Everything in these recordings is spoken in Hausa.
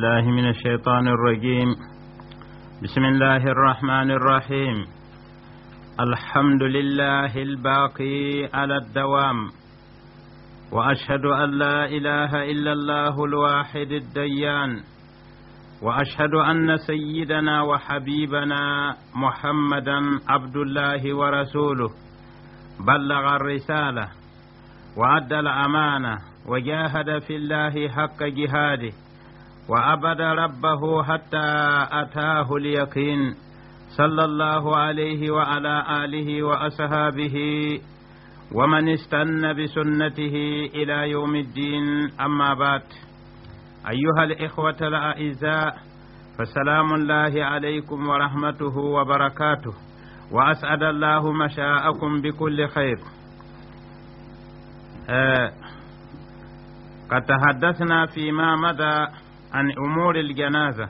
بالله من الشيطان الرجيم بسم الله الرحمن الرحيم الحمد لله الباقي على الدوام وأشهد أن لا إله إلا الله الواحد الديان وأشهد أن سيدنا وحبيبنا محمدا عبد الله ورسوله بلغ الرسالة وأدى الأمانة وجاهد في الله حق جهاده وعبد ربه حتى أتاه اليقين صلى الله عليه وعلى آله وأصحابه ومن استنى بسنته إلى يوم الدين أما بعد أيها الإخوة الأعزاء فسلام الله عليكم ورحمته وبركاته وأسعد الله مشاءكم بكل خير آه، قد تحدثنا فيما مدى عن أمور الجنازة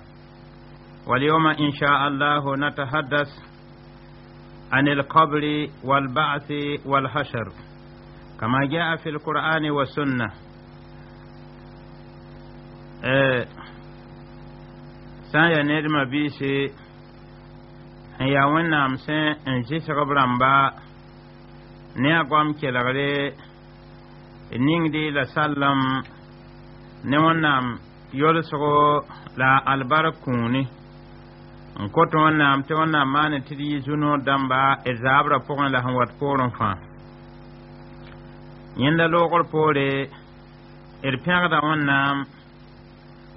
واليوم إن شاء الله نتحدث عن القبر والبعث والحشر كما جاء في القرآن والسنة آه، سايا nedma بيسي هيا wẽnnaam sẽn انجيس zɩsg b نيا قوام كي goam kelgre لسلم dɩ la yolsgo la albara nkoto n ko tɩ wẽnnaam tɩ wẽnnaam maane tɩ d yɩ zu dãmba e zaabrã pʋgẽ la sẽn wat poorẽ fãa yẽnda loogr er poore d pẽgda wẽnnaam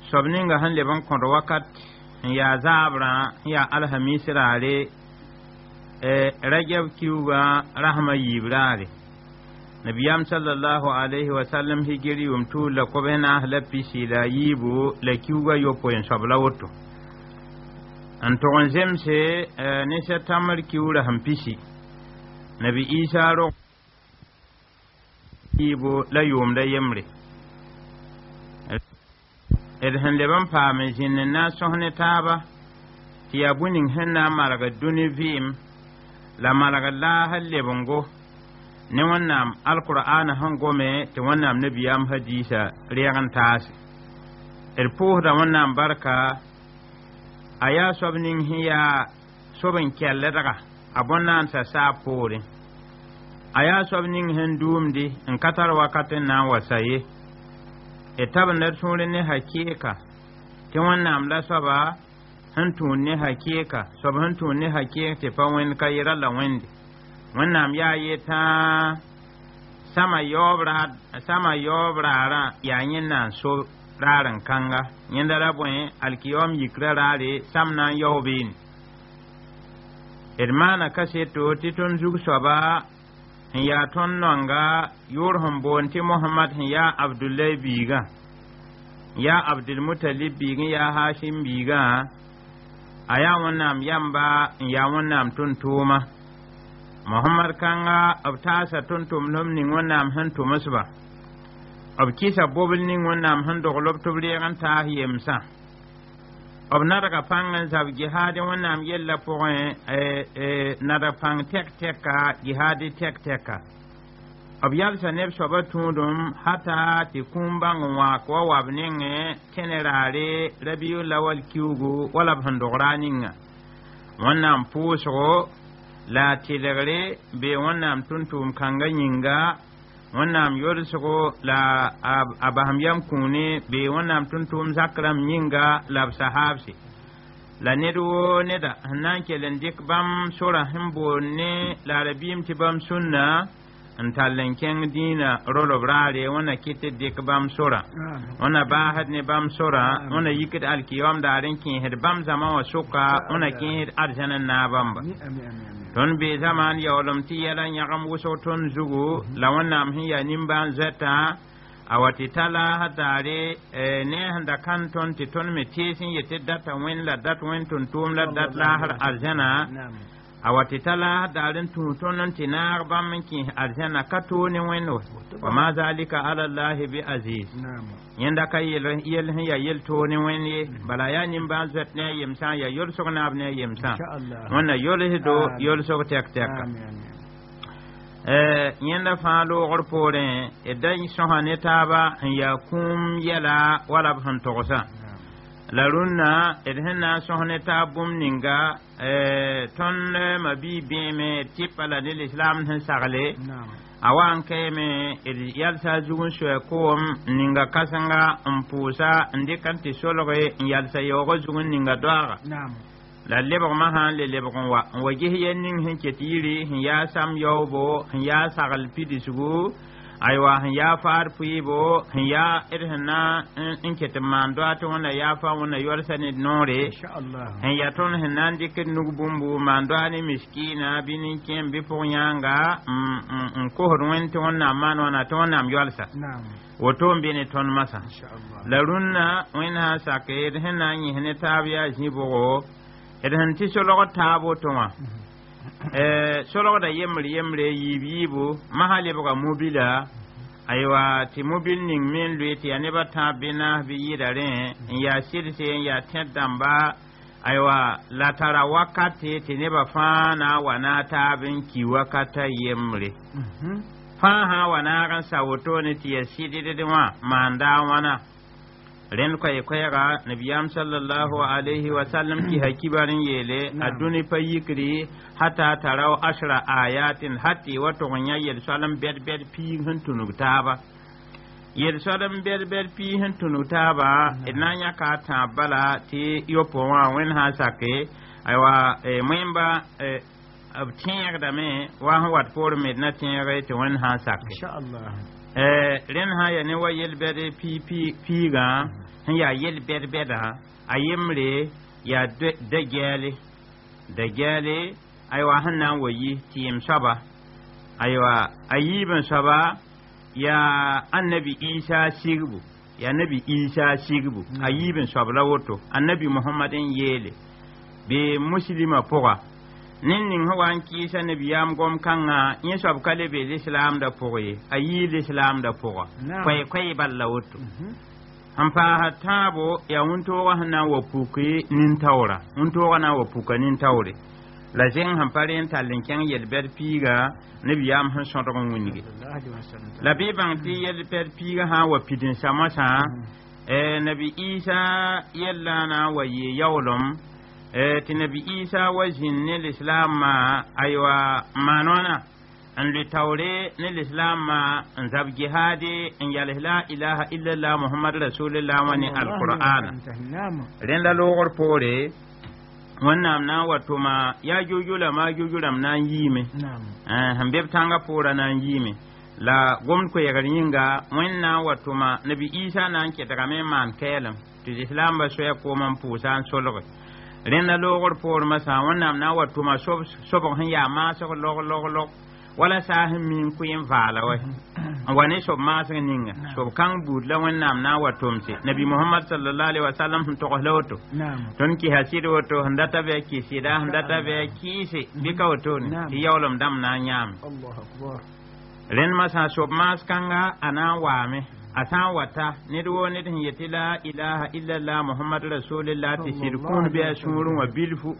soab ninga sẽn leb n kõd wakat n yaa zaabrã n yaa alhamiis raare ragɛb kiuga rahma yiib raare nabiyam sallallahu alaihi wa sallam higiri umtu la kobena la pisi la yibu la kiuga yopo en sabla woto an to on zemse eh, ne sa tamar kiura ham pisi nabi isa ro yibu la yum da yemre ed hen le ban paame jin na sohne taba ti abunin hen na maraga duni vim la maraga la halle bongo ne wannan alkʋraana han gome tɩ wannan Nabiya hadiisa rɛg n taase er d pʋʋsda wẽnnaam barka aya sabnin hiya sobin kelle daga sob n kɛllɛdga a aya sabnin hindum di poore a yaa soab na wasaye wasa ban dar tab ne hakika tɩ wannan la saba sẽn ne hakika soab ne hakɩɩk tɩ pa ka ra la wannan yaye ta sama yobra sama yobrara yanyin nan so raran kanga yinda rabon alkiyom yikrarare samnan yobin irmana kase to titun zug soba ya ton nonga yurhum bonti muhammad ya abdullahi biga ya abdulmutalib biga ya hashim biga aya wannan yamba ya wannan tuntuma muhammad kanga b taasa tuntum tʋmdem ning wẽnnaam sẽn tʋms ba b kɩsa bobl ning wẽnnaam sẽn dogl b tɩ b reeg n taas yemsã b nadga pãng n zab gihaad wẽnnaam yella pʋgẽ e, e, nadg pãng tɛk-tɛka gihaad tɛk-tɛka b yalsa neb soaba tũudum hata tɩ kũum-bãng wãak wa wab nengẽ kẽne raare rabiul awal kiugu wala b sẽn dog raa ninga wẽnnaam pʋʋsgo la tilegre be wannan tuntum kanga wannan wẽnnaam yolsgo la a basem yam kũune bee wẽnnaam tʋm-tʋʋm zak rãmb la sahabsi la ned woo neda sẽn na n kell n dɩk bãmb sora ne la rabim ti bam sunna n dina n kẽng dĩinã rolb raare wẽnna kɩt dɩk bãmb sora wẽnna ah. baasd ne bãmb sora wẽnna yikd alkiyaoom daar n kẽesd bãmb zãma wã soka wẽnna kẽesd arzãn n naa bãmba tõnd bee zamaan zugu mhm. la wẽnnaam sẽn yaa nimbãan a wa tɩ talaasa eh, ne sẽn da kãn tõnd tɩ me tees n data la dat la oh, dat awati tala daren tuntunan tinar ban ki aljana kato ni weno wa ma zalika ala lahi bi aziz yanda ka yi ya yel to ni wani bala ya nyim ba zat ne yimsa ya yi sok na ne yimsa wannan yol hido yol sok tek tek eh yanda fa lo gor pore edan sohane taba ya kum yala wala ban tokosa la rũnnã d sẽn na n sõs ne taab bũmb ninga euh, tõnd ma bii bẽeme d tɩpa la ne lislaam sẽn sagle a wa n kɛɛme d yalsa a zug n soɛ koom ninga kãsenga n pʋʋsa n dɩka n tɩ solge n yalsa yaoogã zug n ninga doaga la lebgmã sã n le lebg n wa n wa ges yen ning sẽn ket yiri sẽn yaa sam yaoobo sẽn yaa sagl pidisgu aiwa ya far fi bo ya irhin na in ke tumandu ta wanda ya fa wanda yuwar sani nore in ya tun hinan dikin nugbun bu mandu ani miski binin kin bi fo yanga in mm, mm, mm, ko hurwin ta wanda man wanda ta wanda yuwar sa wato bi ne ton masa larun na wani hasa ka irhin na yi hini ta biya shi bo irhin ti so lokata bo tuma mhm. Eh, solgda yembre-yembre yiib-yiibu masã lebga mobila aywa tɩ mobil ning me n loe tɩ yaa nebã tãab bɩ naas bɩ yɩɩda rẽ n yaa sɩdse n yaa tẽd dãmba aywa la tara wakate tɩ nebã fãa na n wa na taab n ki wakata yembre mhm. fãa sã wa naag n sa wotone tɩ yaa sɩddd wã maan daa wãna ren koy koyra nabiyam sallallahu alaihi wa sallam ki hakibarin yele aduni fa yikri hata tarau ashra ayatin hatti wa tunya yel bed bed pi hun tunu ba yel salam bed bed pi hun tunu ba ina nya ka ta bala ti yopo wa wen ha sake aiwa e mwemba eh, tiyar da me wa wat por med na tiyar ti wen ha sake insha Allah Eh, ren ha ya ne wa pi piigã sẽn yaa yel-bɛd-bɛda a yembre yaa da-gɛɛle da-gɛɛle aywa sẽn na nan wa yi tɩ saba soaba aywa a yiib saba soaba yaa annabi isa shigbu ya nabi isa shigbu a yiib saba soab la woto annabi muhammadin yele be muslima pʋga nin ning sẽn wa n kɩɩsa nebiyaam gom-kãngã yẽ soab ka le be da pʋg ayi e, a yɩɩ lislaamdã pʋga koɛɛ balla woto an fa tãabo yaa wẽn-toogã na mhm. wa puke nin tawra unto wa na wa puka tawre la zẽng sẽn pa rẽ n tall n kẽng yel-pɛd piiga nebiyaam sẽn sõdg n wĩnge la bi bãng ti yel ber piga ha wa pidin sama sa mhm. eh, e nabi isa yel na wa ye yawlum Eh, ti nabi isa wa zin ne l'islam ma aywa manona n lu taure ne l'islam ma n zab jihadi n yalih la ilaha illallah muhammad rasulillah wani alqur'ana ren la logor pore wannan na wato ma ya jujula ma jujulam na yime eh, han beb tanga pora na yime la gom ko yagar yinga wannan wa ma nabi isa na ke daga me man kelam ti islam ba so ya ko man pusan sologoi rẽnd loogr poormã sã wẽnnaam na n wa tʋma sobg sẽn yaa maasg log log log wala saa sẽn miim kʋɩ n vaala wa n wa ne sob maasg ninga sob-kãng buud la wẽnnaam na n wa tʋmse nabi mohamad salllah alih wasalam sẽn togs la woto tõnd kɩsa sɩd woto sẽn data vɛa kɩsɩda sẽn data vɛa kɩɩse bɩka wotone tɩ yaoolem dãmb na n yãame rẽnd masã sob maas kãnga a na n waame A asan wata nirwo nitin yati la ilaha illallah Muhammadu rasulillah ti shirkun biya shurun wa bilfu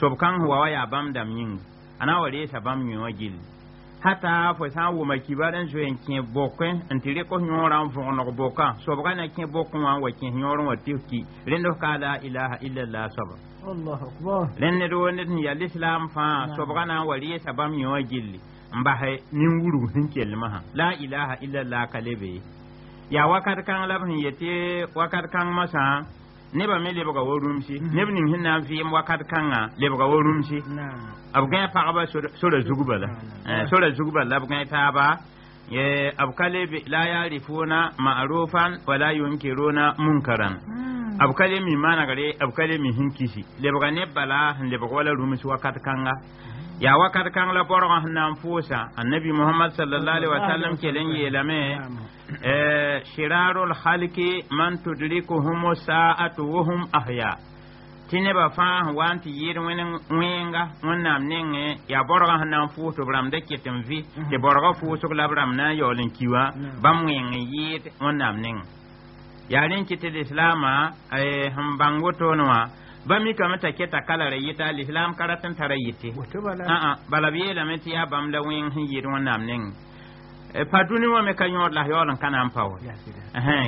sobkan huwa waya bam dam yin ana wale resa bam min wa gil hata fa san wo ma kibaran so en kin bokwe antire ko nyoran fo no boka sobkan na kin bokun wa wa kin nyoran wa tiki rendo ka la ilaha illallah sabr allah akbar len nirwo nitin ya islam fa sobkan na wale sa bam yin wa gil mbahe nin wuru hin kelma la ilaha illallah kalebe ya wakat kang la sẽn masa ne ba masã nebã me lebga wa rũmsi ne ning sẽn na fi vɩɩm wakat kãngã lebga abu rũmsi b gẽ pagba sora zugba la sora zugba la b ba taaba abu kale bi la yaarifuna ma'rufan wala yunkiruna munkaran b hmm. abu kale mi mana gare abu kale mi sẽn kisi lebga ne bala sẽn lebg wala rũms wakat a ya wakar kãng la porg sẽn eh, mhm. na n pʋʋsa annabi mhm. mohamad salllah alai wasalam kell n yeelame Shirarul lhalki man tudrikuhum sa'atu wahum ahya tɩ nebã fãa sẽn wa n tɩ yɩɩd wẽnga wẽnnaam nengẽ yaa borgã sẽn na n fʋʋs tɩ b rãmda ket n vɩ la b na n yaool n ki wã bãmb wẽng n yɩɩd wẽnnaam nengẽ yaa rẽ n kɩ tɩ lislaamã ba mi ke ta keta kala ta alislam karatan tarayite a a ah, ah, bala biye la meti ya bam e, la win hin yir wonam nen wa la yor kan am pawo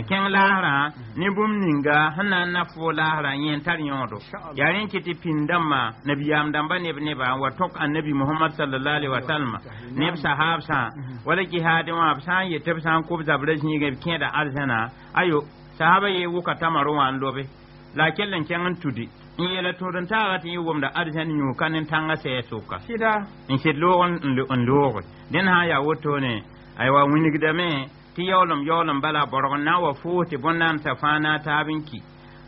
ken lahara ni bum ninga hana na fo lahara yen tar yodo yarin kiti pindama nabi damba ne ne ba wa tok nabi muhammad sallallahu alaihi wa sallam ne sahab sa mhm. wala jihad wa sa yete sa ko zabre ni ga kenda arzana ayo sahaba ye wuka tamaru wa lobe la kellen ken tudi n yɛla ta n taaga tɩ yẽ wʋmda arzã n yũuka ne tãngã shida in shi n in loog n ha ya sã ne yaa wotone aywa wingdame ti yaoolem yaoolem bala borgon na wa foos tɩ ta fana ta binki na taab n ki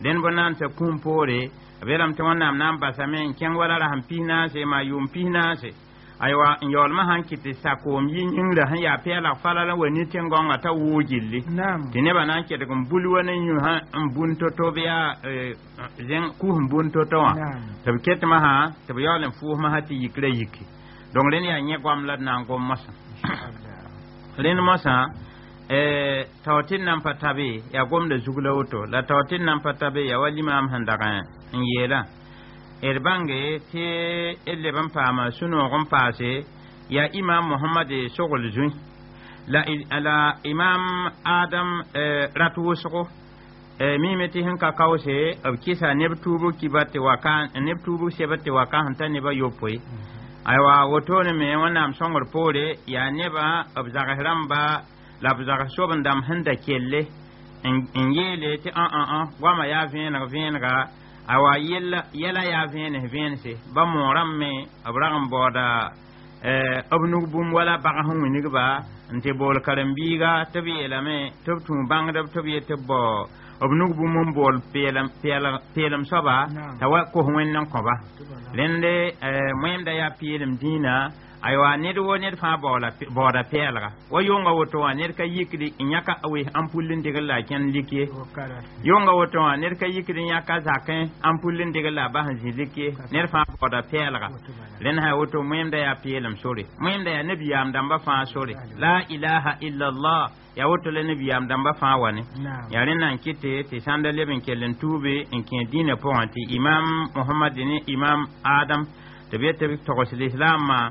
dẽnd ta kũum poore b yeelame tɩ wẽnnaam na n basame n kẽng wala aiwa n yaoolmã sã n kɩ tɩ sakoom yɩ yĩngrã falala wa ne tẽngãongã t'a woo ti tɩ nebã na n kedg n bul wa ne yũ sã n bũn to-to b yaa zẽng kus n bũn to-to wã tɩ b ketmã sã tɩ b yaool n fʋʋsmã sã tɩ yiki don rẽnd ya nye goam eh, la na n gom Masa. rẽnd masa. Tawatin nan fatabe ya n pa tabe la woto nan fatabe ya wali na n pa tabe yaa d bãnge tɩ d leb n paama sũ-noog n imam Muhammad shugul jun la, la imam adam eh, ratu shugo mi meti mime ka sẽn ka kisa b kɩsa neb tuubg kiba tɩ wakan neb tuubg sɛb tɩ wakan sẽn ta nebã yopoe mhm. aywa wotone me wẽnnaam sõngr poore yaa nebã eh, b zags rãmba la b zags sob n dãmb sẽn da kelle n yeele tɩ ã ah, ã ah, ã ah, goamã yaa vẽeneg vẽenega awa yɛla ya vene vẽense ba moorãm me abraham boda eh abnu bum wala ba n winigba n tɩ bool karen-biiga tɩ tabi yeelame tɩ b tũu bãngd b tɩ b e yetɩ b bao b pelam pelam n bool peelem soaba t'a wa kos wẽnd n kõba rẽnd eh, moẽmda yaa aywa ned wo ned fãa baooda pɛɛlga wa yʋnga woto wã ned ka yikri n yãka we n n degr la a kẽnd lik ye yʋnga woto wã ned ka yikri n yãka zakẽ n n degr la a bas n zĩ lik ye ned fãa baooda pɛɛlga rẽnd sã woto mõemda yaa peelem sore mõemda yaa nebiyaam dãmbã fãa sore la ilaha illallah ya woto la nebiyaam dãmbã fãa wa ne yaa rẽ nan n kɩte tɩ sãnda leb n kell n tuube n kẽ dĩinã pʋgẽ tɩ imam mohamad ne imam adam tɩ b yetɩ b ma. maa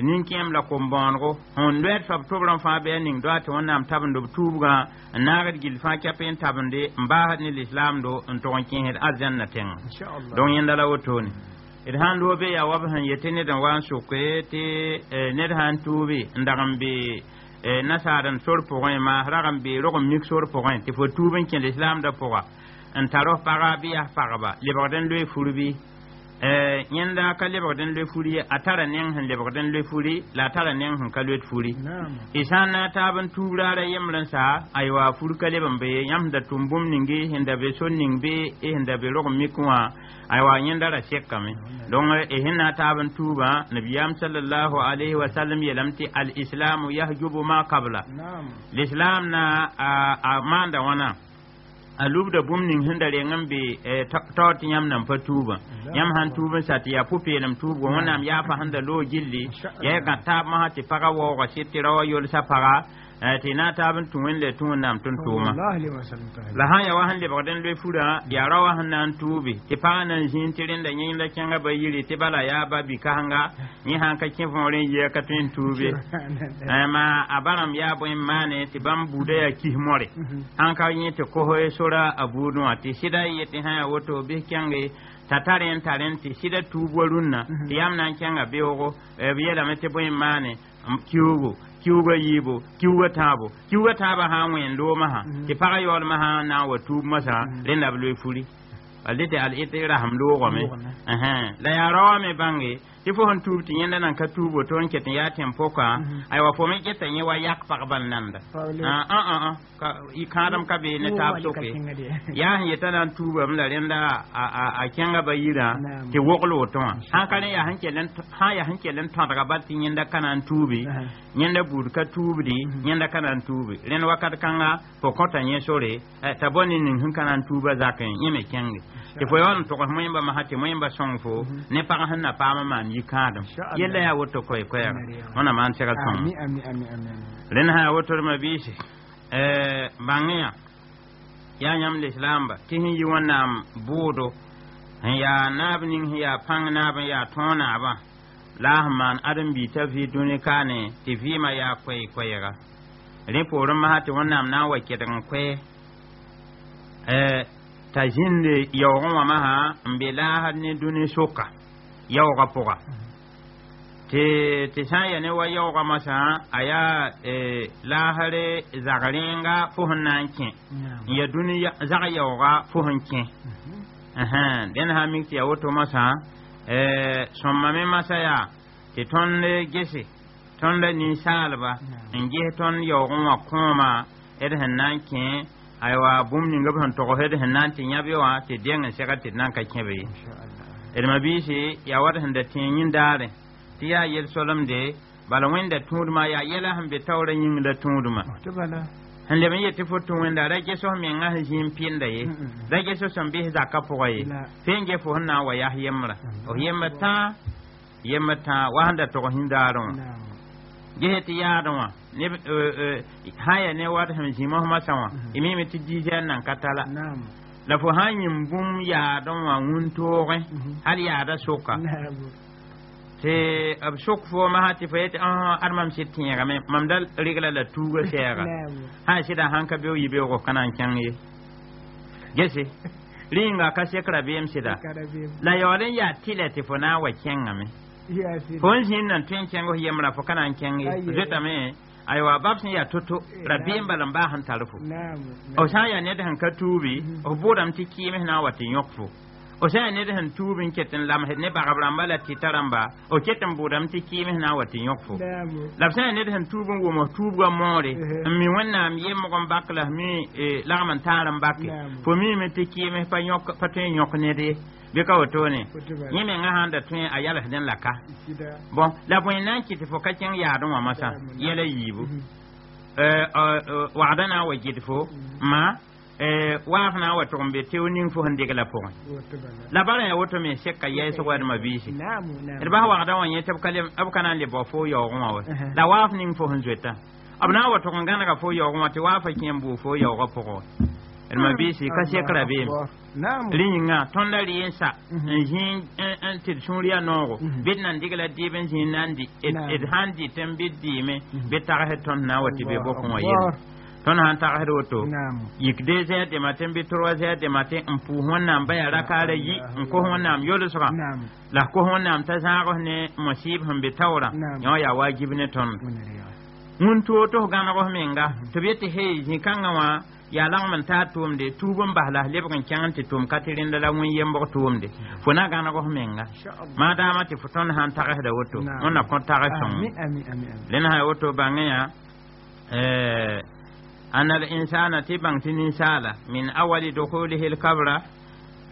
nin-kẽem la kom-bãonego sẽn loɛɛd fa b tobr n fãa bɩa ning doa tɩ wẽnnaam tabend b tuubgã n naagd gill fãa kɛp n tabende n baasd ne lislaamdo n tog n kẽesd azãnnã tẽngã dõng yẽnda la wotone d sãn loog be yaa wab sẽn yetɩ e, ned n wa n soke tɩ ned sãn tuube n dag n be e, nasaad n sor pʋgẽ maas rag n be rog n mik sor pʋgẽ tɩ fo tuub n kẽ lislaamdã pʋga n tar f pagã bɩ yaa pagba lebgd n loe furbi Eh, yẽnda ka lebg dẽn loe furi a tara neng sẽn lebg dẽn loe furi la a tara neng sẽn ka loet furi y sã n na taab n tuub raara yembr n aywa fur ka leb n be yãmb sẽn da tʋm bũmb ninge sẽn da be son ning e be sẽn da be rog mik wã aywa yẽnda ra sekame donc sẽn e na taab n tuubã nabiyaam salallahu alayhi wasallam yeelame tɩ ya yahjubu ma kabla lislaam na a maanda wãna a lubda bumnin hinda rengan be eh, tawt yam nan fa tuba yam han tuba sati ya pu pelem tuba wonam ya fa handa lo gilli ya ga ta ma ti faga wo ga ti rawo yol sa faga ti na ta bin tun wende tun nam tun tuma la han ya wahan le bagdan le fura ya rawa han nan tubi ti pa nan jin tirin da yin la kyanga bayiri ti bala ya ba bi ka hanga ni han ka kin fon ya ka tun tubi amma eh, abaram ya bo mane ti bam bude ya ki more mhm. han ka yin ti ko hoye sura abudu ati shida yi ti han ya woto bi kyanga ta taren taren ti shida tubo runna mhm. ti yam nan kyanga bewo e eh, biyela mete bo mane kiugo kiuga yiibo kiuga tãabo kiuga tãabã sã n wẽn loomã sã tɩ pag yaoolmã maha mm. na wa tuub masã rẽ mm. la b furi al-ɩt rasem loogame la Tifo hon tuub tɩ yẽnda nan ka tuubo tɩ fõn ket n yaa tẽm pʋka mhm. aywa fo me geta yẽ wa yak pagbal nanda y kãadem ah, ah, ah, ka bee ne taab soke yaa sẽn yeta na n tuubame la rẽnda a kẽngaba yirã tɩ wogl woto wã sãn ka rẽ sãn yaa sẽn kell n tõdga bal tɩ yẽnda ka na n tuubi yẽnda buud ka tuubde mhm. yẽnda ka na n tuubi rẽnd wakat kãnga fo kõta yẽ sore eh, t'a bõe ne ning sẽn ka na n tuuba zakẽ yẽ me kẽnge tɩ fo yaool n togs mõemba masã tɩ mõemba sõng na paama n maan yi-kãadem yella yaa woto koe koɛɛga wãna maan segl tõng rẽnd sã yaa wotodmã bɩɩse bãngẽ eh, yã yaa yãmb lislaamba tɩ yi wẽnnaam bʋʋdo n yaa naab ning sẽn yaa pãng naab n yaa tõog naabã la sẽn maan bii t'a vɩɩ dũni kaane yaa t'a zĩnde yawon wã masã n be laasd ne dũni soka yaooga pʋga tɩ sã n ya ne wa yawo masã sa aya laasr zag rẽnga fo sẽn na n kẽ n ya dũni zag yaooga fo sẽn kẽ dẽnd sã mik tɩ ya woto masã e, sõmbame masã yaa gese tõnd ni n ges tõnd yaoogẽ wã kuma d sẽn na n aiwa bũmb ninga b to ko hede na n tɩ yãbe wã tɩ dẽng n segd tɩ d na n ka kẽbe ye d mabiisi yaa wat sẽn da tẽeg yĩndaare tɩ yaa yel-solemde bala wẽnda tũudmã yaa yɛla sẽn be taoorã yĩngda tũudmã sẽn leb n yetɩ fo wenda da ke so sẽn nga sẽn zĩig pɩnda ye da ke so sambi za ka fo ye fẽn ge fo sẽn na wa yas yembrã f mm. oh, yemata tã yemb tã wa sẽn da tog yĩndaarẽ wã ges tɩ yaadẽ wã haya ne wata sẽn zĩma fõ masã y mime tɩ diisɛr nan ka tala la fo sãn yĩm bũmb yaadẽ wã wũntoogẽ mhm. hal yaada soka tɩ b sok foomã tɩ fo yetɩ ad mam sɩd tẽegame mam da regla la tuuga sɛɛga sã sɩda sãn ka beoog yɩ beoogo ka na kẽng ye gese rĩnga ka sekra beem sɩda la yaool n yaa tɩ la tɩ fo na n wa kẽngame fo n nan tõe n kẽng f fo ka na kẽng ye aywa bab sun yaa to-to eh, ra bɩɩm bala n baa sẽn tar fo b sã n yaa ka tuubi mhm. f bʋʋdame tɩ kɩɩm sẽn na n wa tɩ yõk fo b sã n yaa ned sẽn ne bagb rãmbã la tɩta rãmba b ket n bʋʋdame tɩ kɩɩm na n wa tɩ yõk fo la b sã n yaa ned sẽn tuub n wʋms tuubgã moore mhm. n mi wẽnnaam yembg n bak la mi eh, lagm n taar n bake fo miime tɩ kɩɩm pa tõe n yõk ned bika woto ne yĩme ŋa sãn da tõe a yalsd n laka bõn la bõe mm-hmm. eh, eh, mm-hmm. eh, na n kɩt fo ka kẽng yaadẽ wã masã yɛla yiibu wagda na n wa gɩd fo ma waaf na n wa tog n be teo ning fo sẽn dɩk la pʋgẽ la bara ya woto me sek ka yɛɛsg wa dema biisi d bas wagda wã yẽ tɩ b ka na n le bao fo yaoogẽ wã wa la waaf ning fo sẽn zoetã b na n wa tog n gãnega fo yaoogẽ wã tɩ waafa kẽ n buug fo yaoogã pʋgẽ wa d ma bɩ sɩ ka sekra beeme rẽ yĩnga tõnd la rɩɩnsa n zĩig n tɩd sũur yaa noogo bɩ d nan dɩg la dɩɩb n zĩig na n dɩ d sãn dɩt n bɩ d dɩɩme bɩ tagsd tõnd na n wa tɩ be bokẽ wã de tõnd sãn tagsd woto yikde zɛa dema tɩ n bɩ torwa zɛa dema tɩ n puus wẽnnaam baya rakaara yi n kos wẽnnaam yolsga la ko hon nan t'a sa zãags ne mosɩɩb sẽn be taoorã yã wã yaa waagib ne tõnd wẽn toor tɩ f gãnegf menga tɩ b yetɩ hey zĩ-kãngã wa yaa lagm n taa tʋʋmde tuub n basla lebg n kẽng tɩ tʋʋm ka tɩ rẽnda la wẽn yembg tʋʋmde mm. fo na gãneg f menga maadaamã tɩ fo tõnd sãn tagsda woto wẽnna kõ tags sõng lẽnd sã woto bãngẽ yã أن الإنسان تبان تنسالة من أول دخوله الكبرى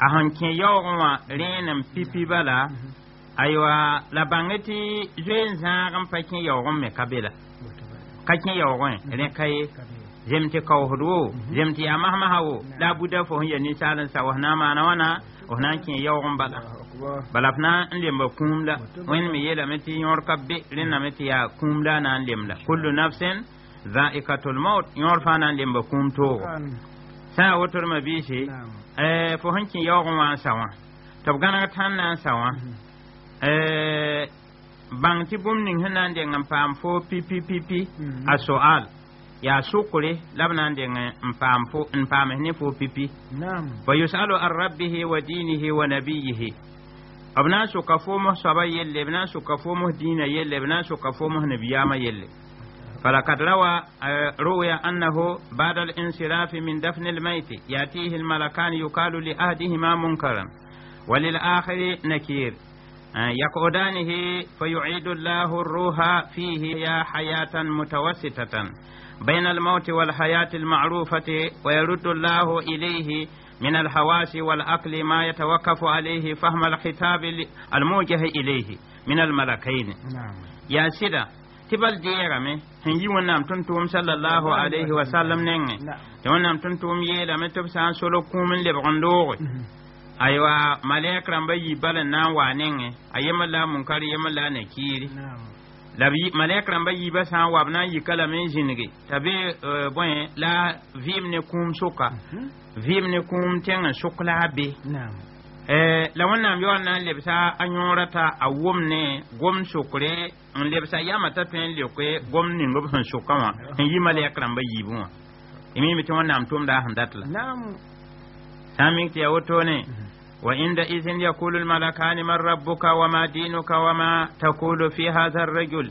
أهن كي يوغوا رينم zemti kawhd wo mhm. zemti ya masmaha wo la buda fo sẽn ni salan sa wa na mana wana wãna f na n kẽ bala balafna f na kumla lemba me yeelame tɩ yõor ka be rẽnname tɩ ya kũumda na n lemda kullu nafsin dha'iqatul maut yor fa na n kumto. kũum toogo sã n wotorma biise fo sẽn kẽ yaoog n wã n sa wã tɩ b gãneg na n sa wã bãng tɩ bũmb ning sẽn na n deng pi pi fo pipipipi mhm. a soal yaa sokore la b na n deng n paams ne fo pipi wa yusalu an rabbihi wa diinihi wa nabiyihi b na n soka fooms soaba yelle b na n soka fooms diinã yelle b na n soka fooms nabiyaamã yelle فلقد روى روي أنه بعد الانصراف من دفن الميت يأتيه الملكان يقال لأهدهما منكرا وللآخر نكير يقعدانه فيعيد الله الروح فيه يا حياة متوسطة بين الموت والحياة المعروفة ويرد الله إليه من الحواس والعقل ما يتوقف عليه فهم الخطاب الموجه إليه من الملكين نعم. يا سيدة tibal deerame sẽn yi Eh, la bi malek rãmbã yiibã sã n wab na n yika lame n zĩnge t'a be bõe eh, la vɩɩm ne kũum soka vɩɩm ne kũum tẽng n sok la a be la wẽnnaam yaool na n lebsa a yõora t'a a wʋm ne gom sokre n lebsa yama t'a tõe n leke gom ning b sẽn soka wã yi malɛk rãmbã yiibẽ wã y miime tɩ wẽnnaam tʋmda a sẽn dat la sã n tɩ ya wotone mhm. وعندئذ يقول الملكان من ربك وما دينك وما تقول في هذا الرجل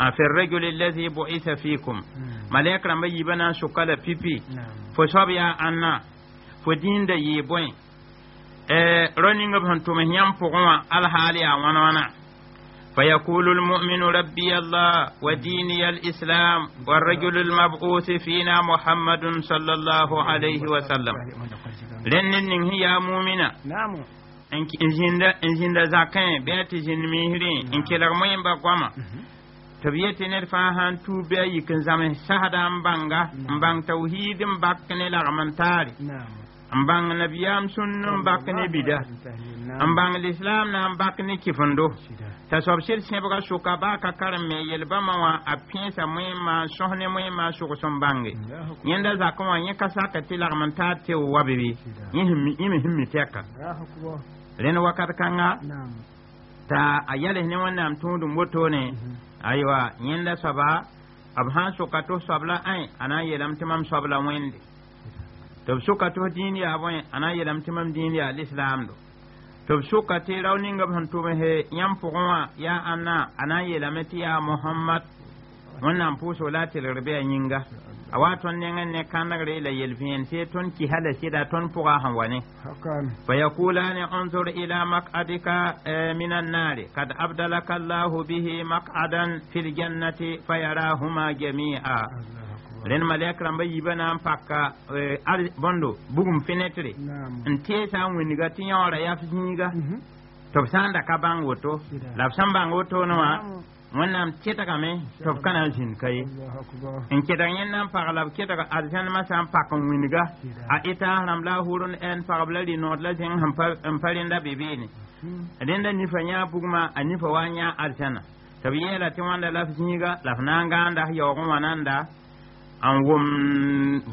آه، في الرجل الذي بعث فيكم نعم. ملاك رمي بنا شكال في نعم. فصابيا أنا فدين دا يبوين آه، رنين بهم تمهيان فقوا الحالي وانا وانا فيقول المؤمن ربي الله وديني نعم. الإسلام والرجل المبعوث فينا محمد صلى الله عليه وسلم rennin nin hiya mumina namu in zinda zakan beti zin mihrin in kilar mai ba kwama mhm. tɩ b yetɩ ned fãa sãn tuub bɩ yi kan zama zãms sasda n bãnga n ne n bãng nabiyaam sũnn n bak ne bida n bãng lislaam na n bak ne kɩfendo t'a soab sɩd sẽbga soka baa ka karem me yel-bãmbã wã a pẽesa moẽmã n sõs ne moẽmã sogs n bãnge yẽnda zakẽ wã yẽ ka sak tɩ lagm n taab tɩ wa be be yẽ sẽn mi tɛka rẽnd wakat kãnga t'a a yals ne wẽnnaam tũudum wotone mhm. aywa yẽnda soaba b sãn soka tɩ soab la ãe a na n yeelame tɩ mam soab la wẽnde tɩ b sʋka tɩ f dĩin yaa bõe a na n yeelame tɩ mam dĩin yaa lislaamdo tɩ b sʋka tɩ rao ninga b sẽn tʋmsɛ yãmb pʋgẽ wã yaa ãnna a na n yeelame tɩ yaa mohamad wẽnnaam pʋʋsg la a telgr bɩ a yĩnga a wa tõnd neng n ne kãnegre ila yel-vẽen tɩ tõnd kisa la sɩda tõnd pʋga sẽn wa ne fa yakulane unzur ila mak'adika min annaare kad abdalaka allahu bihi mak'adan fi ljannati fa yarahuma jami'a ren malek rãmbã yiibã na n paka eh, bõndo bugum fenetre n teesa n wĩnga tɩ yãoora yaf zĩiga mhm. tɩ b sã n da bãng woto la b sã bãng wotone wã wẽnnaam ketgame tɩ b ka na n zĩnd ka ye n ketg yẽnd na n pag la b ketg arzãnemã sã n pak n wĩnga a etaas rãmb la a hoorn n pagb la rɩ-nood la zẽng n pa rẽnda be beene rẽnda nifa yãa bugmã a nifa wa yãa arzãna tɩ b yeela tɩ wãnda la f zĩiga la f na n gãanda yaoog n An wʋm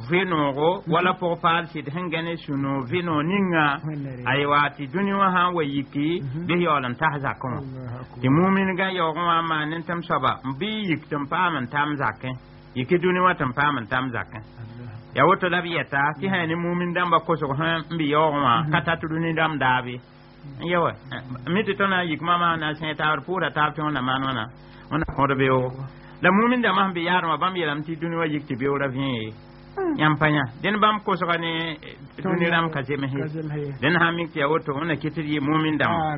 vɩ-noogo wala pʋg faal sɩd sẽn gã ne sũ-noog vɩ-noog ninga aywa tɩ dũni wã sã n wa yiki bɩ yaool n tas zakẽ wã tɩ mumin-gã yaoogẽ wã n maan ne tɩm soaba bɩ yik tɩ pa paam n tam zakẽ yiki dũni wã pa n paam n tam zakẽ ya woto la b yɛta tɩ sã ne mumin dãmba kosg sẽn n bɩ yaoogẽ wã ka ta tɩ dũni dãmb daabe yewa mi tɩ tõna yik mamã na sẽ taabd pʋʋda taab tɩ wẽnna maan wãna wẽna kõd la mumin da mahn bi yarma bam yelam ti duniya yik ti bewra vien Mm. yampanya den bam ko so ne dũni rãmb ka zems ye dẽnd sã mik tɩ woto wẽnna kitiri mumin dãmba ah,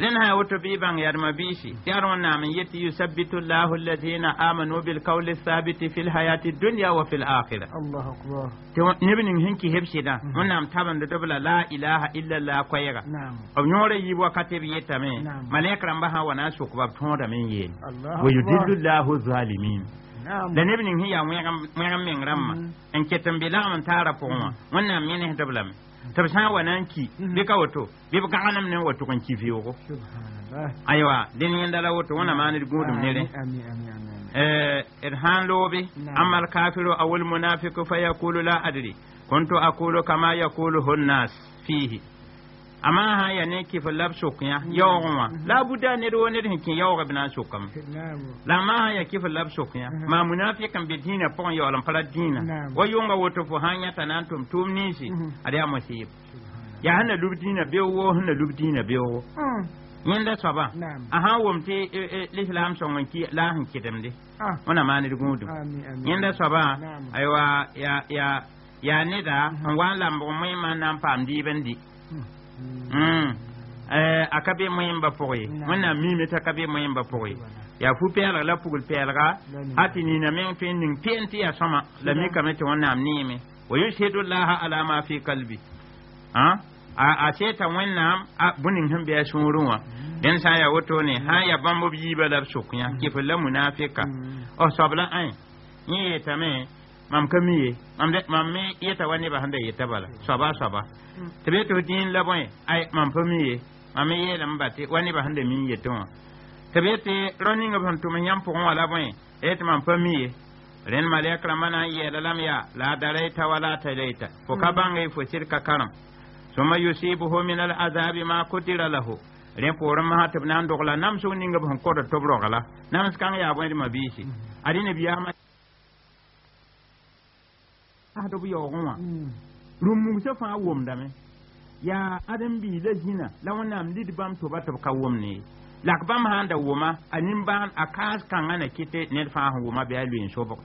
den ha yaa woto bɩ bãng yadmã biisi tɩ yar wẽnnaam min yet yusabbitu llahu alladhina amanu bil qawli thabiti fil hayati dunya wa fil akhirah allah akbar tɩ neb ning hinki ki da sɩdã mm-hmm. am taban da dabla la ilaha illa la koɛɛga b yõoda yiib wakate b yetame malɛk rãmbã sã wa na n sʋkba b min yi yeel wa yudillu llahu zalimin da ne ning hiya yaa wẽgem meng rãmbã n ket n tara lagem mm-hmm. wannan min ne da wẽnnaam menes wannan ki mm-hmm. bi ka wato bi ka gagenem ne wato kan ki n ki aywa din yin da woto wannan mm-hmm. ma ne gudum ne d sã n loobe ama alkafiru aw lmunafiqu fa yaqulu la adri kuntu aqulu kama yaqulu hunnas fihi amma ha ya ne kifa lab sokya yawon wa labuda ne ruwa ne da kin yawon bina sokam la ma ha ya kifa fallab sokya ma munafiqan bi dina pon yawon fara dina wa yunga woto fo hanya nan tum tum mhm. a shi ari amasib ya hana lubdina wo hana lubdina mm. yin da saba a sãn wʋm tɩ e, e, lislaam sõng ki la sẽn kɩdemde ah. wẽna maaned gũudum yẽnda soaba yin da saba aiwa wa ya ya ne da n na n paam diib n di Hmm. Eh, a ka be moyẽmbã pʋgẽ wẽnnaam miime t'a ka be moyẽmbã pʋgẽ ya fu pela la pugl pɛɛlga a tɩ nina meng tõe n ning peen tɩ yaa sõma la mikame wana amni neeme wa yushhidu allah ala ma fi ha a seta hmm. hmm. ta bũ ning sẽn bɩ a sũurẽ wã dẽnd sã n yaa wotone sã n yaa bãmb b yiibã la b sʋk yã kɩfr la munafɩka f soab la ãe yẽ mam ka miye mam de mam me yeta wani ba hande yeta bala saba saba mm. tebe to din la bon ay mam pa miye mam me yela mbate wani ba handa min yeto tebe te running of to men yam pon wala bon et mam pa miye ren na ramana yela lam ya la daraita wala ta talaita ko mm. ka bangai fo sirka karam so ma yusibu hu min al azabi ma kutira lahu rẽ poorẽ ran ma b na mm. n dogla namsg ninga b sẽn koda tobroga la nams kãng yaa bõedmã biisi ad ne ma asda b yaoogẽ wã rũmbugsa fãa ya adam bi da jina la wannan lid bãmb tɩ b ba tɩ ne lak bam handa woma anin ban akas kan ana kite ne fa kaas kãngã na kɩtɩ ned fãa sẽn wʋma bɩ a loeen sobg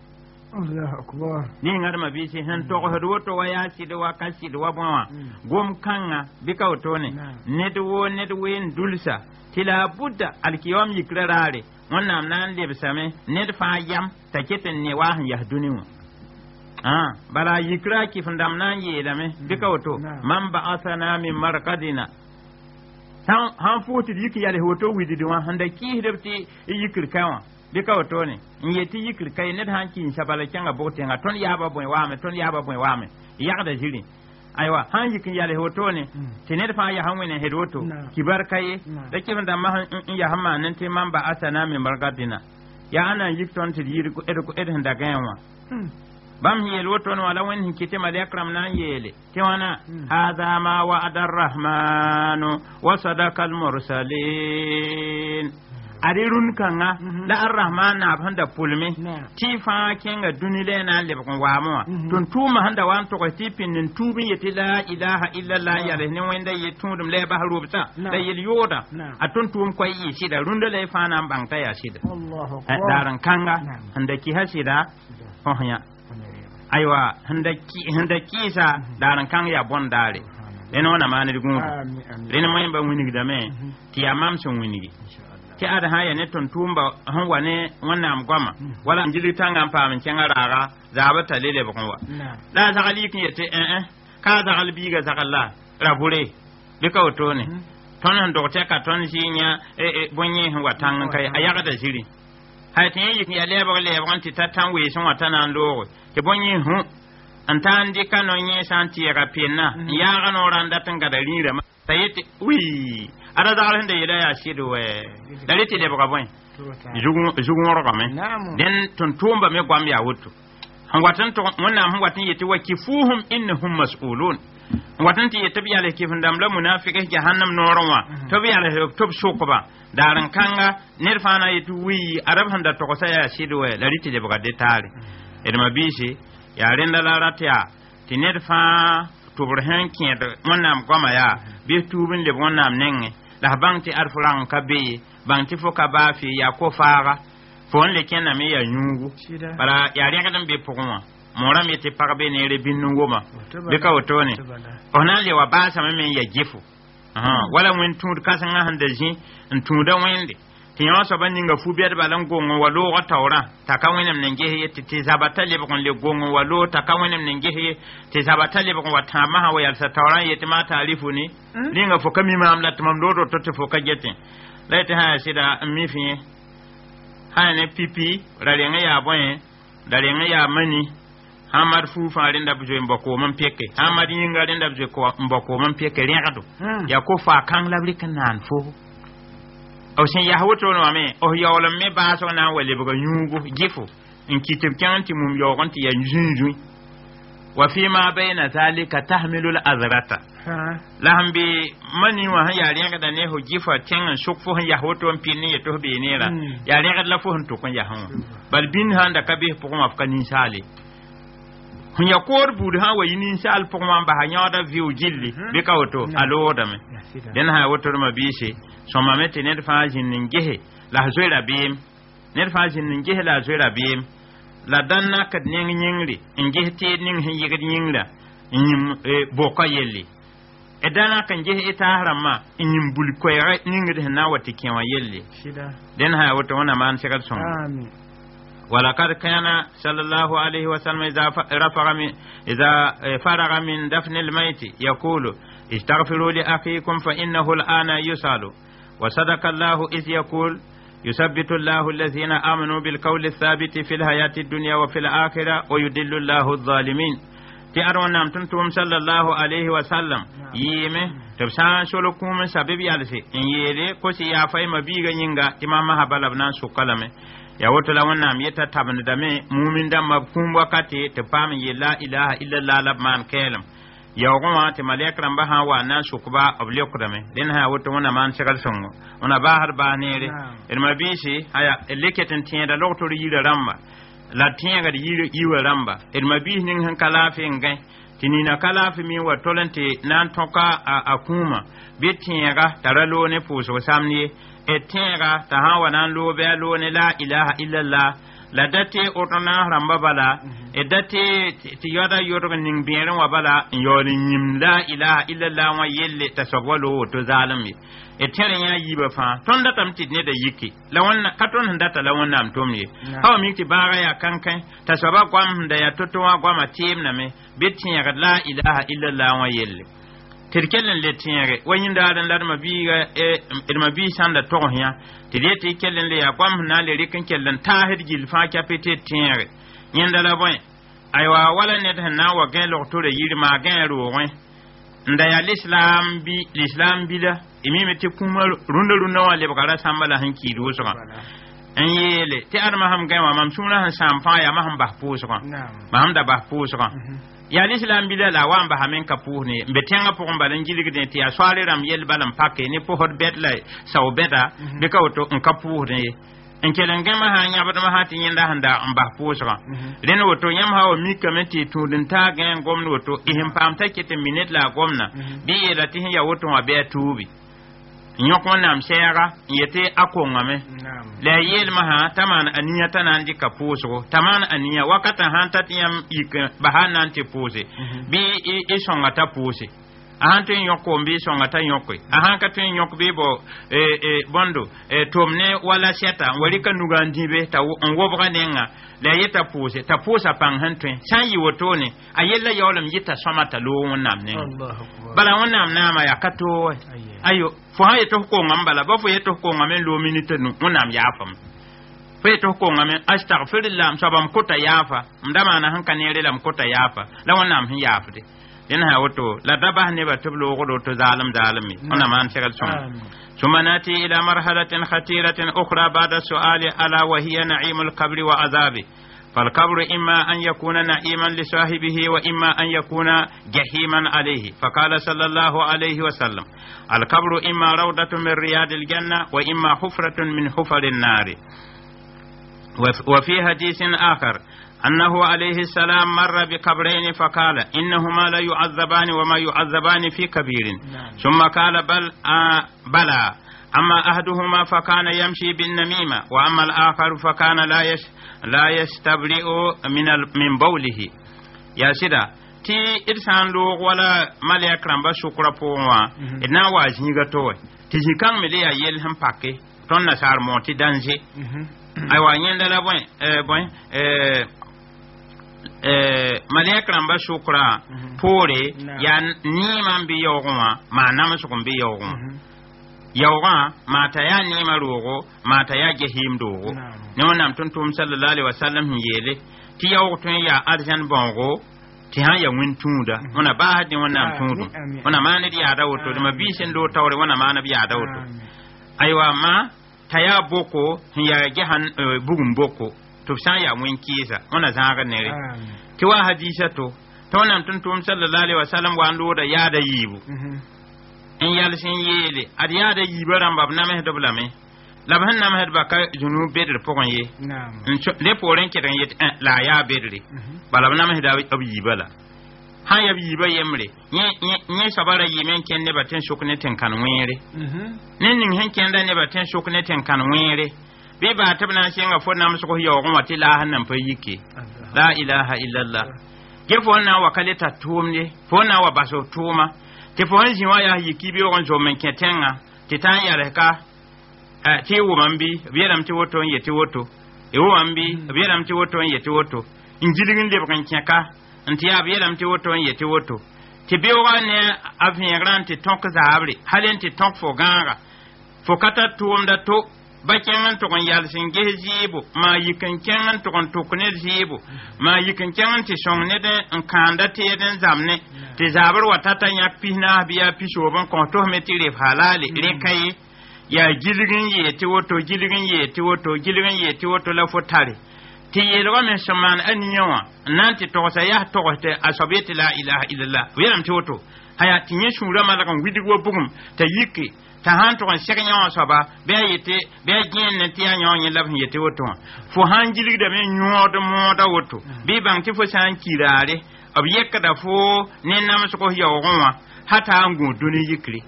ningãdmã bɩ sɩ sẽn togsd woto wa yaa sɩd wa ka sɩd wa bõe wã gom kãngã bi ka to ne ne do wo ne do tɩ dulsa a budda alkiyaoam yikrarare wannan nan na bisame ne ned fãa yam t'a ket ne wa sẽn yas ah bara yikra ki fundam nan yedame bika wato man ba asana min marqadina tan han yiki hoto wididi wa handa ki hidabti yikir kawa ne yikir kai ne han kin shabala ton ton jiri aiwa han yikin hoto ne fa ya han wene hedoto kai da in ya nan te man ba asana min marqadina ya ana yikton ti yiri bam hiyel wotono ala won hin na yele, yeele tewana hmm. hadha ma wa'ada ar-rahman wa sadaka al-mursalin hmm. arirun kanga hmm. ar-rahman na banda pulme ti fa kenga dunile na le ko wamo ton tuma handa wan to ko ti pinin tubi yati la ilaha illa la ya ne wanda ye tundum le ba harubta da yel yoda atun tum ko yi shida runda le fa na ta ya shida eh, daran kanga handa ki hasida ohya aywa sẽn kɩɩsa daar n kãng yaa bõn daare rẽnd wãna maaned gũuga rẽnd moẽmba wilgdame tɩ yaa mam sẽn wilgi tɩ ad sã n ya mhm. ne tõnd-tʋʋmba sẽn wa ne wẽnnaam goama mhm. wala n zilg tãngã n paam n kẽngã raaga zaaba ba le lebg n wa la a zagl yik n yetɩ ẽ kaa zagl biiga zagl la ra bore bɩ eh, eh. ka wato ne sẽn dog tɛka tõnd zɩɩ yã bõn eh sẽn wa tãng n ka a yagda ziri hay tɩ yẽ yik yaa n tɩ ta tãn weesẽ wã ta na n looge tɩ bõe yẽ hũ n ta n dɩka no yẽ sã n tɩɩga n no n gada t'a yet wi sẽn da yeela yaa sɩd wɛ la tɩ lɛbga bõe zug wõrgame dẽn tʋʋmbame goam yaa woto wẽnnaam sẽn wat n yetɩ wa kifuuhum innahum watan ti yeta bi ala kifin dam la munafiqe jahannam noron wa mhm. to bi ala to ba daran kanga nirfana fana wi arab handa to kosa ya shidwe la riti de bagade tare mhm. edma bisi ya renda la ratia ti nirfa fa to burhan da wannan goma ya bi tubin le wannan nenge la banti arfulan kabe banti foka bafi ya ko fara fon le kenami ya nyungu para ya renda be pokon mora mi te pagbe ne re binnu goma duka wato ne ona le wa ba sama men ya gifu hmm. wala mun tun ka san han da ji in tun da wende ti yawa so ban ninga fu biyar balan gongo wa taura ta ka wenem ne gehe ti ti zabata le bon le gongo walo ta ka wenem ne gehe ti zabata le bon wa ta ma ha wa sa taura yete ma tarifu ni hmm? ninga fo kami ma amla tamam do do to fo ka jete laita ha sida mi fi ha ne pipi ralenga ya bon ralenga ya mani hamad fuufaare ndab joye mbako man peke hamad yĩngare ndab joye mbako man peke rẽgdo yaa ko faa hmm. kãng la b rɩk n naan fo b sẽn yas wotone wame f yaoolem me baasg na n wa lebga yũugo gɩfo n kɩt b kẽng tɩ mum yaoog n tɩ yaa zũi-zũi wa fima baina zalika tahmilu al-azrata la han hmm. mani wa han ya renga da ne ho gifa tengan shuk fo han ya hoto an pin ne to be ne ra ya la fo han to kon ya han bal bin han da kabe fo kuma afkanin sale fẽn mhm. mhm. ya koor buud sã n wa yi ninsaal pʋgẽ ba ha basa yãoda vɩʋ jilli bɩ ka woto alo loodame dẽnd sã ya wotodmã biise sõmame tɩ ned fãa zĩnd n gese la a zoe rabeem ned fãa zĩnd n la a zoe la dãn nakd neng nin n ges gehe ning nin hin yiga n yĩm boka e d da nak n ges y taas e ta yĩm bul koɛɛgɛ ningd sẽn na n wa tɩ kẽ wã yelle dẽnd sã ya woto wẽna maan segd ولقد كان صلى الله عليه وسلم إذا إذا إيه، فرغ من دفن الميت يقول استغفروا لأخيكم فإنه الآن يسأل وصدق الله إذ يقول يثبت الله الذين آمنوا بالقول الثابت في الحياة الدنيا وفي الآخرة ويدل الله الظالمين ti aron nam tun tum sallallahu alaihi wa sallam yime to san sholo kuma sabibi alse in yere ko si ya fay biga nyinga imama habalab nan su kalame ya wato la wẽnnaam yeta da dame mumin da b kũum wakate tɩ paam n la ilaha illallah la b maan kɛɛlem yaoogẽ wã tɩ malɛk rãmbã sã n wa na n sʋkba b lekdame dẽnd sã ya woto wannan maan segl-sõngo wẽna baasd baas neere d mabĩisi aya leket n tẽeda logtor yirã rãmba la tin yir iwã rãmba d mabiis ning sẽn ka laafɩ n gãe tɩ nina ka laafɩ mi wa tol n tɩ na n tõka a kũuma bɩ tẽega t'a ra loog ne pʋʋsg samni ye etera ta hawa na lobe lo ne la ilaha illallah la date otona ramba bala mhm. e date ti yoda yorgo nin biere wa bala yoni nyim la ilaha illallah wa yelle tasawwalo to zalimi e tere ya yiba fa ton data mti ne da yiki la wannan katon data la wannan amtomye hawa miti bara ya kankan tasaba kwam da ya totowa kwama tim na me bitin ya la ilaha la wa yelle tɩd kell n le tẽege wa yĩndaar n la d mabiig e, sã n da togs yã tɩd yetɩ y kell n le yaa goam na n le rɩk n kell n taasd gill fãa kapɩ tɩ d tẽege yẽnda la bõe aywa wala ned sẽn na n wa gẽ log tora yir maa gẽ roogẽ n da yaa lislaam bi lislaam bila y mime tɩ kũma rũndã rũndã wã lebga ra sãmba la sẽn kiid wʋsgã n yeele tɩ ad masam gãe wã mam sũurã sẽn sãam fãa yaa masẽn bas pʋʋsgã masẽm da bas pʋʋsgã mhm. yaa lislaam bila la wa mhm. n basa n mhm. ka pʋʋs ne n be tẽngã pʋgẽ bala n gilgdẽ tɩ yaa soare rãmb yell bala n pake ne pʋsd bɛd la sao bɛda bɩ ka woto n ka pʋʋsd ye n kell n gãmã sã yãbdmã sã tɩ yẽnda sẽn da n bas pʋʋsgã rẽnd woto yãmb sã wa mikame tɩ tũud n taag gẽ n gomd woto ɩs paam t'a ket n mi ned la a gomna bɩ yeela tɩ sẽn yaa woto wã bɩ a tuubi n yõk wẽnnaam sɛɛga n yetɩ a kongame la a yeelmã sã t'a maan a nia t'a na n dɩka pʋʋsgo t'a maan a nia wakatã sã n tat yãmb yik ba sã n na n tɩ pʋʋse bɩ y sõnga t'a pʋʋse a sã n tõe n yõk kom bɩ y sõnga t'a yõke a sã ka tõe n yõk bɩ bɔ bõndo tʋm ne wala sɛta n wa rɩka nuga n dĩbe n wobga nenga la a yeta pʋʋse t'a pʋʋsa pãng sẽn tõe sã n yɩ wotone a yella yaoolem yɩ t'a sõma t'a loog wẽnnaam nenga bala wẽnnaam naama yaa ka toog ayo fo ha yeto ko ba fo yeto ko lo minite nu munam fo yeto ko astaghfirullah kota yafa na hanka ne relam kota yafa la wannan hin yafde yana ha wato la dabah ne ba godo to zalim zalimi mm. man ثم ناتي بعد وهي نعيم القبر وعذابه فالقبر إما أن يكون نعيما لصاحبه وإما أن يكون جحيما عليه فقال صلى الله عليه وسلم القبر إما روضة من رياض الجنة وإما حفرة من حفر النار وفي حديث آخر أنه عليه السلام مر بقبرين فقال إنهما لا يعذبان وما يعذبان في كبير نعم. ثم قال بل آه بلى أما أحدهما فكان يمشي بالنميمة وأما الآخر فكان لا يش لا يستبرئ من من بوله يا سيدا tɩ d sã n loog wala malɛk rãmbã sʋkrã pʋgẽ wã d na n waa zĩiga to wɛ tɩ zĩ-kãng me le yaa yell sẽn pake tõnd nasaar moog tɩ dãnze aywa yẽnda la bõe bõe malɛk rãmbã sʋkrã poore yaa niimã n bɩ yaoogẽ wã maa namsg n bɩ yaoogẽ wã yawga mata ya nema rogo mata ya jehim dogo ne wannan tuntum sallallahu alaihi wasallam hin yele ti yawg tun ya arjan bongo ti han ya win tunda wana ba hadin wannan tundu wana ma ne ya dawoto da mabisin do tawre wana ma na biya woto. aiwa ma taya boko hin ya jahan eh, bugun boko to san ya win kisa wana zanga nere ti wa hadisa to to wannan tuntum sallallahu alaihi wasallam wa da ya da yibu mhm. n sin sẽn yeele d yãada yiibã rãmba b namsd b lame la b sẽn namsd baka zũnu bedr pʋgẽ ye le poorẽ n ketg n yet la a yaa bedre bala b namsda b yiibã la sãn yaa b yiibã yembre yẽ soaba ra yɩɩme n kẽnd nebã n sok ne tẽn kãn wẽere ne ning sẽn kẽnda nebã tẽn sok ne tẽn kãn wẽere bɩ baa tɩ b na n sẽnga fo namsg f yaoogẽ wã tɩ la sẽn nan pa yike la ilaha illallah ge fo n na n wa ka le tar tʋʋmde fo n na n wa basf tʋʋma tɩ eh, e mm. fo wani zĩ wã yaa yik kibeoog n zom n kẽ tẽngã tɩ ta n yɛlsga tɩ y wʋm n bɩ b yeelame tɩ woto n yetɩ woto y wʋm n bɩ b yeelame tɩ woto n yetɩ woto n gilg n lebg n kẽka n tɩ yaa b yeelame tɩ woto n yetɩ woto tɩ beoogã ne a vẽegrã n tɩ tõk zaabre hal n tɩ tõk fo gãaga fo ka ta tʋʋmda to ba kẽng n tʋg n yal sẽn ges zɩɩbo maa yik n kẽng n tʋg n tʋk ned zɩɩbo maa yik n kẽng n tɩ sõng ned n kãanda teed n zam ne tɩ zaabr wa tata yã pis naas bɩ yaa pisoob n kõs tosme tɩ reb halaale mm. rẽka ye yaa gilg n yee tɩ woto gilg n yee tɩ woto gilg n yee tɩ woto la fo tare tɩ yeelgã me sẽn maan a nia wã n na n tɩ togsa yaa togs a soab ye tɩ la ilaha illallah yelame tɩ woto aya tɩ yẽ sũurã malg n widg wa bugum t'a yiki ta han tɔgɔ sɛgɛ nyɛ wɔn sɔba bɛɛ yi te bɛɛ gyiin ne teɛ nyɛ wɔn yi labi yi te wotɔn fo han jirig da mi nyɔɔdo mɔɔdo woto bi baŋ ti fo san kiraare a bi yɛ kada fo ne nam sɔgɔ yɔgɔn wa ha ta an gu duni yikiri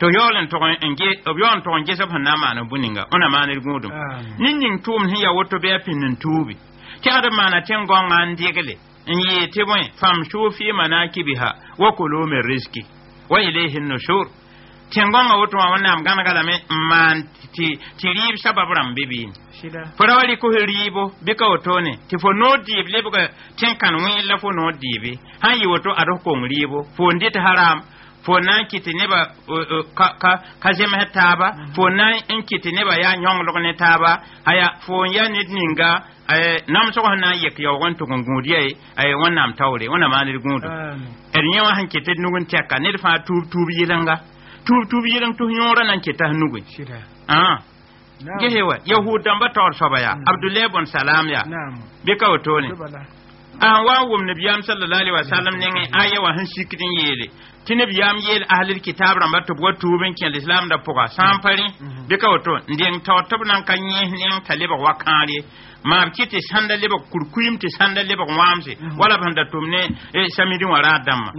to yɔɔle tukun nge a bi yɔɔle tɔgɔ nge sɛ fo na maana buni nga ona maana gu nin ne nyi tuum ne ya woto bɛɛ pin ne tuubi kyɛ a de maana ten gɔn ŋa ndigele n yi te bɔn fam sofi ma naa kibi ha wa kolo mɛ riski wa ilehi nusuru. tẽngõngã woto wã wẽnnaam gãnega lame n maan tɩ rɩɩb sabab rãmb be beene fo ra wa rɩɩbo bɩ ka wotone tɩ fo noog dɩɩb tẽn-kãn la fo noog dɩɩbe sãn yɩ woto ad f kong rɩɩbo fo n dɩt haraam fo na n kɩtɩ ka zems taaba fo na n kɩtɩ yaa ne taaba aya fo n yaa ned ninga namsg sẽn na n yaoog n tʋg n gũud wẽnnaam taoore wẽna d yẽ wã sẽn d nug n tɛka ned fãa tuub tuub yɩlenga tub tub yɩlem tɩ f yõorã na n keta f nugu ah. gese wa yahud dãmbã taoor soaba yaa abdulai bõn salam yaa bɩ ka wotone an wa wum nabiyam sallallahu alaihi wasallam ne aya wa han shikidin yele ti nabiyam yele ahlul kitab ramba to bo tuben kin islam da poka sampari de mhm. ka wato ndin to to nan kan yi ne taliba wa kare ma kiti sandale ba kurkuyim ti sandale ba wamse mhm. wala banda tumne e shamidin wara damma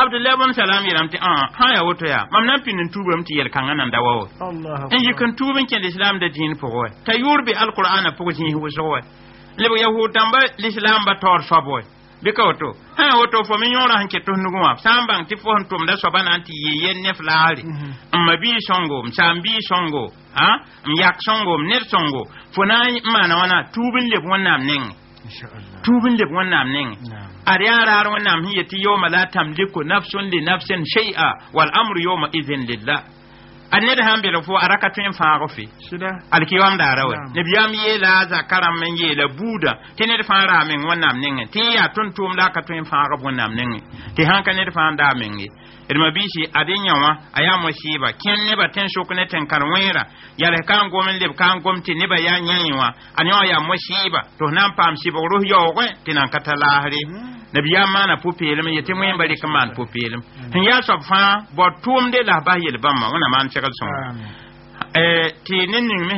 abdullahi ibn salam yaram ti an ah, ha ya wato ya mam nan pinin tubam ti yel kan nan da wawo in yi kan tuben kin islam da din poka tayur bi alquran poka jin hu so leb ya lislaambã taoor soabwe bɩ ka woto ã woto fo me yõorã sẽn ket tosnugẽ wã sã n bãng tɩ fo sẽn tʋmda soabã na n tɩ yɩ yen nef laare n mhm. ma bii sõngo m saam bii sõngo ã m yak sõngo m ned sõngo fo na n maana wãna tuub n leb wẽnnaam nengẽ tuub n leb wẽnnaam nengẽ ad yaa raar wẽnnaam sẽn yetɩ la tamliku nafsun li nafsin shay'a wal amru yoma idin lillah ad ned sãn bel fo a raka tõe n fãag fe alkiwam daara we nebiyaam yeela zakarãmb n yeela buudã tɩ ned fãa raa meng wẽnnaam nengẽ tɩ n yaa tõnd tʋʋmda a ka tõe n fãag b wẽnnaam tɩ sãn ka ned fãa n daa ye rima bishi adin yawa aya musiba kin ne baten shoku ne ten karwera yare kan gomin kan gomti ne ya ya musiba to nan pam sibo ruh mm-hmm. ya sob fa ba yel bamma wana man mm-hmm. chegal son eh ti nin nin me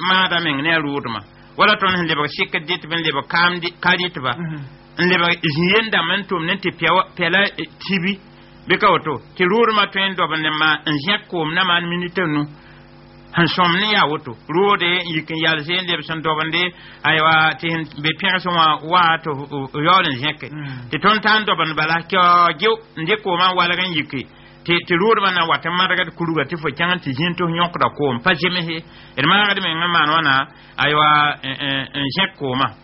ma da men ne rudma wala ton hin leba shikka dit ben leba kam n lebg yendame n tʋm ne tɩ pɛla tibi bɩ ka woto tɩ roodmã tõe n dɔb ne ma n zẽk koom na maan minita nu sẽn sõm ne yaa woto roode n yik n yal zeen lebs n dɔbende aywa tɩ n be pẽgs wã waa tɩ yaool n zẽke tɩ mm. tõnd ta n dɔbn bala kɛgeo n de koomã n walg n yike tɩ roodmã na wat n madgd kurga tɩ fo kãng tɩ zĩn tɩ f yõkda koom pa zemse d er maagd meng n maan wãna aywa n eh, eh, eh, zẽk koomã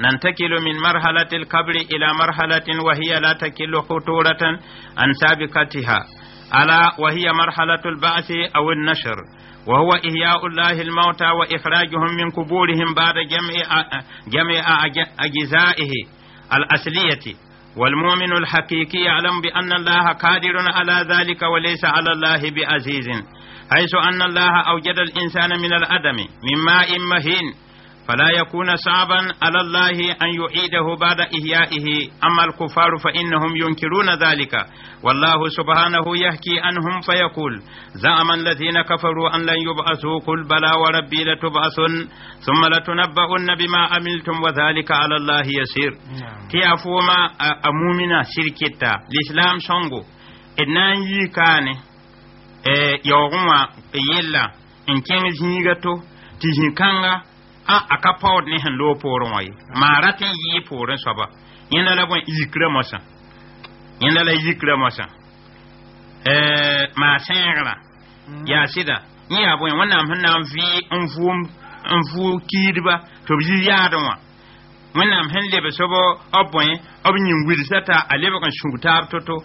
ننتقل من مرحلة القبر إلى مرحلة وهي لا تكل خطورة عن سابقتها ألا وهي مرحلة البعث أو النشر وهو إحياء الله الموتى وإخراجهم من قبورهم بعد جمع جمع أجزائه الأصلية والمؤمن الحقيقي يعلم بأن الله قادر على ذلك وليس على الله بعزيز حيث أن الله أوجد الإنسان من الأدم من ماء مهين فلا يكون صعبا على الله أن يعيده بعد إحيائه أما الكفار فإنهم ينكرون ذلك والله سبحانه يحكي أنهم فيقول زعم الذين كفروا أن لن يبعثوا قل بلى وربي لتبعثن ثم لتنبؤن بما عملتم وذلك على الله يسير نعم. كي أفوما أمومنا شركتا الإسلام شنغو إنان يكاني إيه، يوغما يلا إن كان زنيغتو تجنكانغا a a ka paood ne sẽn loog poorẽ wã ye maara rat n yɩɩ poorẽ soaba yẽnda la bõe yikra mosã yẽnda la yikra mosã eh, maa sẽegrã mm. yaa sɩda na n vɩɩ n vʋʋm n vʋʋ kiidba tɩ b yi yaadẽ wã wẽnnaam sẽn leb sob b bõe b yĩn wilsa t'a a lebg n sũg taab to-to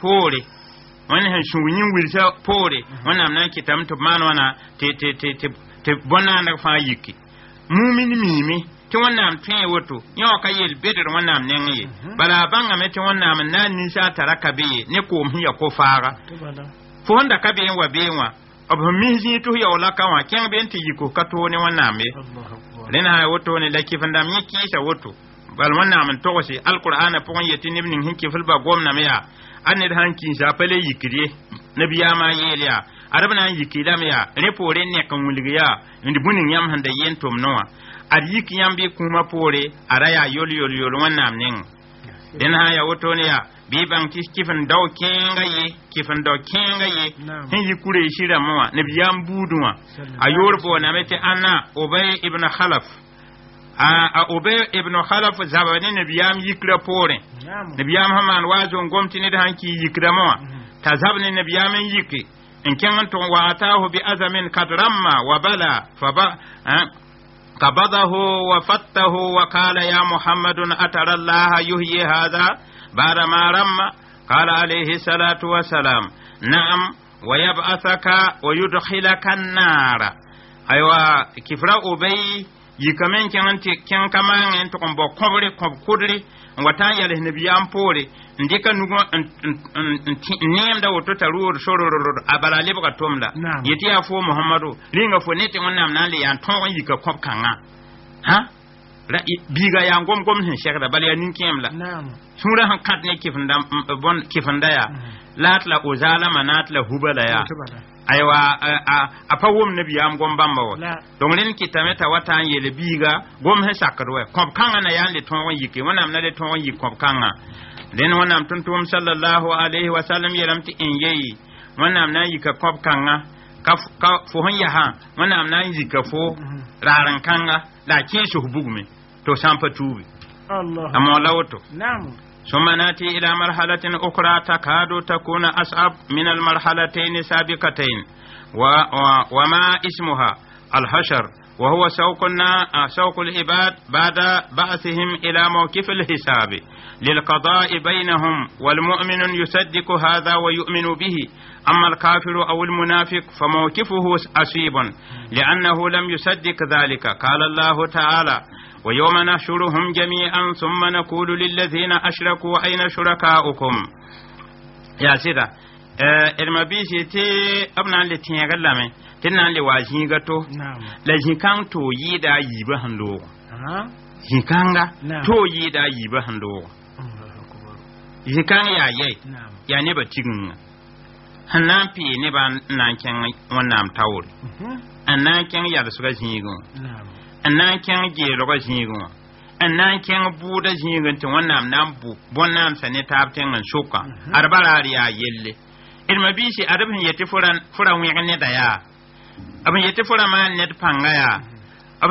poore wẽnd sẽn sũg yĩn wilsa poore mm-hmm. wẽnnaam na n kɩtame tɩ b maan tɩ bõn-naandg fãa yiki mumin miime tɩ wẽnnaam tõe woto yã wa ka yel bedr wẽnnaam neng ye mhm. bala a bãngame tɩ wẽnnaam n na n ninsaa tara ka be ye ne koom sẽn ya ko-faaga fo sẽn da ka bee wa bee wã b sẽn mis zĩig tɩ f yao la ka wã kẽng be n tɩ yik f ka toog ne wẽnnaam ye rẽnsa woto ne la kɩfendam yẽ kɩɩsa woto bal wẽnnaam n togse alkʋraana pʋgẽ yetɩ neb ning sẽn kɩflba gomdame yaa a ned sãn kĩnsa a pa le yikd ye ma yeel yaa ad b na n yik yɩlame yaa rẽ poore n nek n wilg yaa d bũni yãmb sẽn da yen tʋmdẽ wã ad yik yãmb y kũumã poore a ra yaa yol-yol-yol wẽnnaam nengẽ dẽnd sã n yaa wotone yaa bɩ y bãng tɩ kɩf n dao kẽenga ye kɩf n dao kẽenga ye sẽn yi kureesi rãmbẽ wã neb yaa n wã a yoor booname tɩ ãna obay ibn halaf a obe ibn halaf zaba ne nabiyam yikra pore nabiyam haman wazo ngomti ne da hanki yikra mawa mhm. ta zabne nabiyam yiki. in kyan tun wa ta bi azamin kadramma wa bala fa ba ka badahu wa fattahu wa kala ya muhammadun atarallaha yuhyi hadha Bara ma ramma kala alaihi salatu wa salam na'am wa yab'athaka wa yudkhilaka an-nara aywa kifra ubay yikamen kyan ti kin kaman en tokon bo kobre kobre n wa ta ne yɛls nebiyaam poore n dɩka nugã n neemda woto t'a roor a bala lebga tʋmda yetɩ yaa foo mohamado rĩnga fo ne tɩ wẽnnaam na n le yaa tõog n yika kõb kãngã Bi biiga yaa gom-gom sẽn sɛgda bala yaa nin-kẽem la sũurã sẽn kãt ne kɩfenda yaa la tɩ la ozaalama naa tɩ la hubala la yaa aiwa a fawon na biya biyaam ban bãmba wa dong rẽnd kɩtame t'a meta wata an yele biga gom he sakd kom kanga na yaa n le tõog n yike wana na le tõog n yik kõb kãngã dẽnd wẽnnaam tʋm-tʋʋm salallahu alayhi wasallam yeelame tɩ ẽn yeyi wẽnnaam na n yika kõb kãngã ka fo sẽn yasã wẽnnaam na n zika fo mm-hmm. raar n kãnga la a kẽes f bugme tɩ f sã n pa tuube a moog la ثم ناتي إلى مرحلة أخرى تكاد تكون أصعب من المرحلتين السابقتين وما اسمها الحشر وهو سوق سوق العباد بعد بعثهم إلى موقف الحساب للقضاء بينهم والمؤمن يصدق هذا ويؤمن به أما الكافر أو المنافق فموقفه أصيب لأنه لم يصدق ذلك قال الله تعالى ويوم نحشرهم جميعا ثم نقول للذين أشركوا أين شركاؤكم يا سيدة irma bi shi te abna le tiyaga lame te nan le waji gato la jinkan to yi da yi ba hando jinkanga to yi da yi ba hando jinkan ya ye ya ne ba tigin hannan pi ne ba nan kyan wannan tawul annan kyan ya da suka jingun n mhm. mhm. na n kẽng geelgã zĩigẽ wã n na n kẽng buudã zĩigẽ tɩ wẽnnaam na n bu bõn-naam sã ne taab tẽng n sʋka ad ba raar yaa yelle d mabiisi ad b sẽn yetɩ fo ra wẽg neda yaa b n yetɩ fo ra maan ned pãnga yaa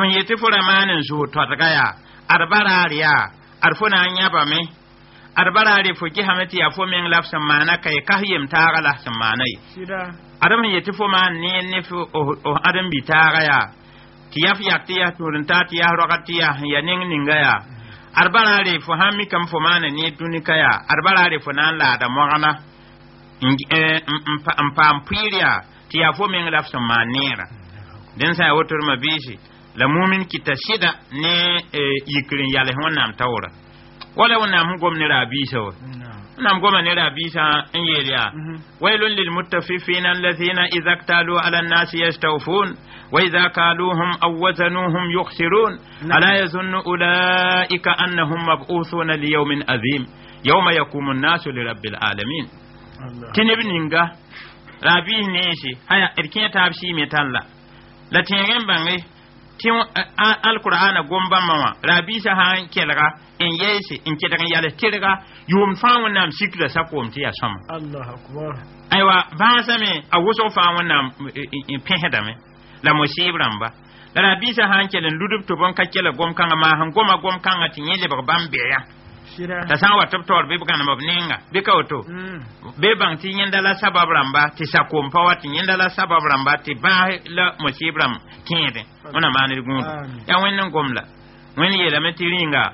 b n yetɩ fo ra maan n zuus toadga yaa ad ba raar yaa ad fo na n yãbame ad ba raare fo gesame tɩ yaa fo meng la b sẽn maana ka ye kas yem taaga la sẽn maana ye ad b sẽn yetɩ fo maan need ne f oh, oh, ad n bi taaga yaa tɩ yãf yak tɩ yaa tʋʋr n taa tɩ yaa roagd tɩ ya neng ninga yaa ad baraare fo sãn mikame fo maana ne dũnika yaa ad baraare fo na n laada moagna n eh, paam pʋɩɩr yaa tɩ yaa fo meng la f sẽn maan neera dẽn ya wotormã biisi la mumin kita sɩda ne eh, yikr n yals wẽnnaam wala wẽnnaam sẽn gom ne raa nam goma ne rabisa in yeriya mhm. wailun lil muttafifin allazina idza talu ala nasi yastawfun wa idza kaluhum aw yukhsirun ala yazunnu ulaika annahum mab'uthuna li yawmin azim yawma yaqumu an-nasu li rabbil alamin tin ibn inga rabi ne shi haya irkin ta shi mai talla latin ban tɩ eh, alkurana gombãmbã wã rabiisã sã n kelga n yɛɛse n kedg n yals tɩrga yʋʋm fãa wẽnnaam sikra sakoom tɩ yaa sõma aywa bãasame a wʋsg fãa wẽnnaam eh, eh, pẽsdame la mosɩɩb rãmba la rabiisã sã kell n ludb tɩ bõn ka kela gom-kãngã maa sẽn goma gom-kãngã tɩ yẽ lebg bãmb bɩɛyã t'a sã n wa tɩ b taoor bɩ b gãnem b ninga bɩ ka woto bee bãng tɩ yẽnda la sabab rãmba tɩ sakom pa wa tɩ yẽnda la sabab rãmba tɩ bãas la mosɩɩb rãmb kẽede wẽna maaned gũudu yaa wẽnd n gomda wẽnd yeelame tɩ rĩnga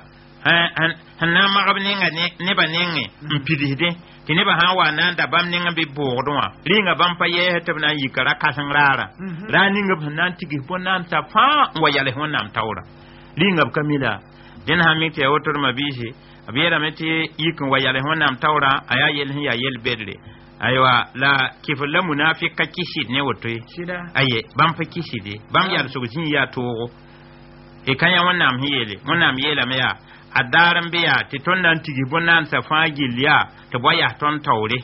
sẽn na n magb ninga nebã nengẽ n pidisde tɩ nebã sã wa na da bãmb ning bi bɩ boogd wã pa yɛɛsɛ tɩ b na n yika ra kãseng raara raa ning b sẽn na n tigs bõn-naam t'a fãa n wa yals wẽnnaam taoora rɩɩngã b ka mi la dẽnd sã b yeelame tɩ yik n wa yals wẽnnaam taoorã a yaa yell sẽn yaa yell bedre aywa la kifr la munafɩka kɩsɩd ne woto aye bãmb pa kɩsɩde bãmb yalsg zĩig yaa toogo y ka yã wẽnnaam sẽn yeele wẽnnaam yeelame yaa a daar n be yaa tɩ tõnd na n tigs bõn-naansã fãa gill yaa tɩ b wa yas tõnd taoore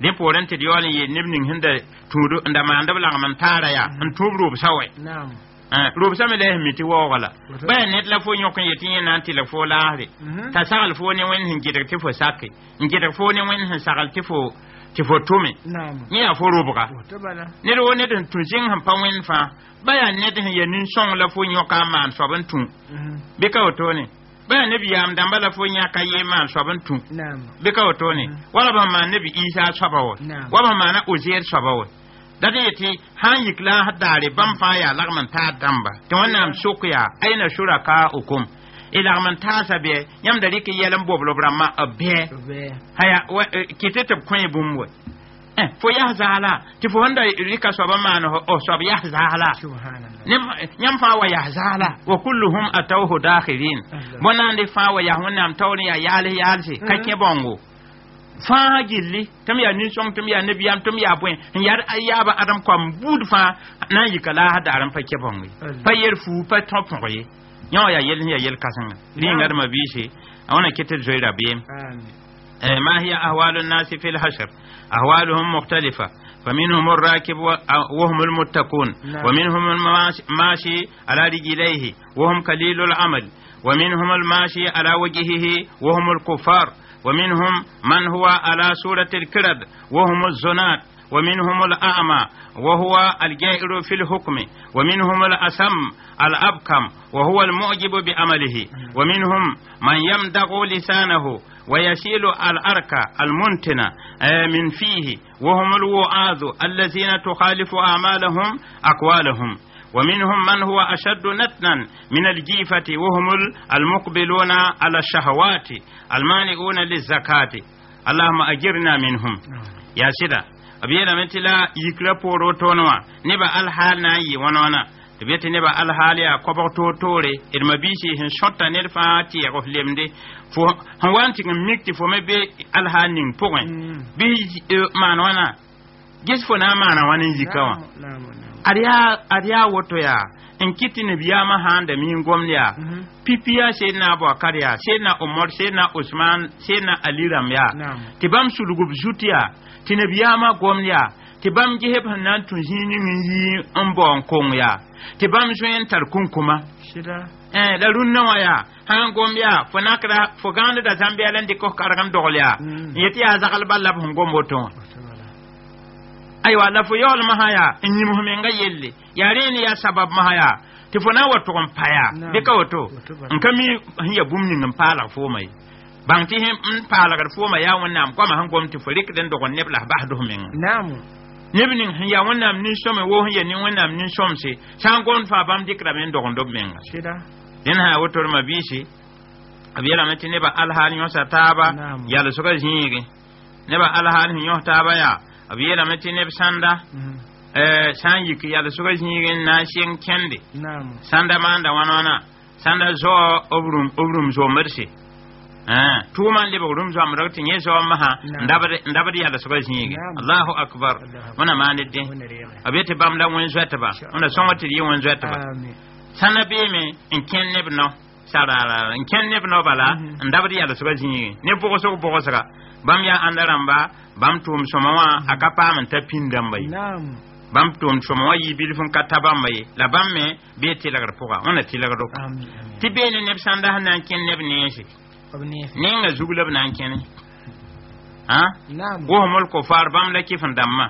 dẽ poorẽ tɩ d yaool n yeel neb ning sẽn da tũud n da maand lagem n taara yaa n tũub roob wɛ rob eh, sãme la sẽn mi tɩ waooga la ba yaa ned la fo yõk n yetɩ yẽ na n tɩ la fo laasre mhm. t'a sagl fo ne wẽnd sẽn gɩdg tɩ fo sake n gɩdg fo ne wẽnd sẽn sagl tɩ fo tɩ fo tʋme yẽ yaa fo robga ned wo ned sẽn tũ zĩng sẽn pa wẽnd fãa ba yaa ned sẽn ya nin-sõng la fo yõka n maan soab n tũ mhm. bɩ ka wotone ba yaa neb yaam dãmba la fo yãka yee maan soab n tũ bɩ ka wotone mhm. wa la b sẽn maan neb isa soaba wa wa b sẽn maana ozeer soaba wa da zai ce han yikla hadare ban fa ya lagman ta damba to wannan shukuya aina shuraka ukum ila man ta sabe yam da rike yelan boblo bramma abbe haya eh, kite tab kun bumwe eh fo ya zala ti fo wanda rika so ban man o so ya zala yam fa wa ya zala wa kulluhum atawhu dakhirin bonan de fa wa ya hunam tawni ya yale yalse eh. kake bongo fãa gilli tɩ yaa nin-sõng yaa nebiyaam tɩ yaa bõe n yaa yaaba adam buud fãa na n yika daar n pa pa fuu pa tõ põg ye yaa yaa yel kãsenga biise a wãna ket d zoe rabeem ما هي فمنهم الراكب وهم المتقون ومنهم الماشي على رجليه وهم قليل العمل ومنهم الماشي على وجهه وهم الكفار ومنهم من هو على سورة الكرد وهم الزنات ومنهم الأعمى وهو الجائر في الحكم ومنهم الأسم الأبكم وهو المعجب بأمله ومنهم من يمدغ لسانه ويسيل الأركة المنتنة آه، من فيه وهم الوعاذ الذين تخالف أعمالهم أقوالهم ومنهم من هو أشد نتنا من الجيفة وهم المقبلون على الشهوات المانعون للزكاة اللهم أجرنا منهم يا سيدا أبينا متلا يكلبورو تونوا نبا الحال ناي ونونا tɩ b yetɩ nebã alhaal yaa kobg toor-toore d ma biisi sẽn sõta ned fãa tɩɛg f lemde fo sẽn wa n tɩg n mik tɩ fo me ariya woto ya n kitini biyama han da min gomni ya mhm. pipiya sai na abubakar ya sai na umar sai na usman sai na aliram ya ti bam sulugub zutiya ti ne ma gomni ya ti bam gihib nan tun hini min yi n bo an ya ti bam zoyen tar kunkuma eh darun nawa ya han gom ya fonakra foganda da zambia lan di ko karagam dogol ya mm. yeti ya zakal balla bum aywa la fo yaol mahaya n yĩms me yelle yaa rẽ ne yaa sabab tɩ fo na n wa n woto n ka mi sẽn ya bũmb ning n paalg ye bãng tɩ n paalgd yaa wẽnnaam sẽn gom tɩ fo rɩkd n dog n neb la basdf neb ning sẽn yaa wẽnnaam nin-sõme woo sẽn ya ne wẽnnaam nin-sõmse sã n gomd fãa bãmb n menga dẽnd sã biise b yelame tɩ nebã alhaal yõsa taaba yalsga nebã alhaal sẽn yõs taaba yaa b yeelame tɩ neb sãnda mhm. eh, sã n yik yalsg zĩigẽ na n sɩng kẽnde sãnda maanda wãn wãna sãnda zoa b rũm zoomdse eh, tʋʋma n lebg rũm zoamdg tɩ yẽ zoa masã n dabd yalsg a zĩige allahu akbar wẽna maand dẽ b ye tɩ bãmb la wẽn zoɛtba wẽna sõng tɩ d yɩ wẽn zoɛtba sãnda beeme n kẽnd neb nõ sarara mhm. mhm. n kẽnd neb nobala n dabd yalsgã zĩige ne bʋgsg bʋgsga bãmb yaa ãnda rãmba bãmb tʋʋm sõma wã a ka paam n ta pĩn dãmba ye bãmb tʋʋm sõma wã yɩ bilf n ka ta bãmba ye la bãmb mhm. me bee tɩlgd pʋga wẽna tɩlgdo tɩ beene neb sãn da sẽn na n kẽnd neb neese nengã zug la b na n kẽne gosmol kofaar bãmb la kɩf n dãmbã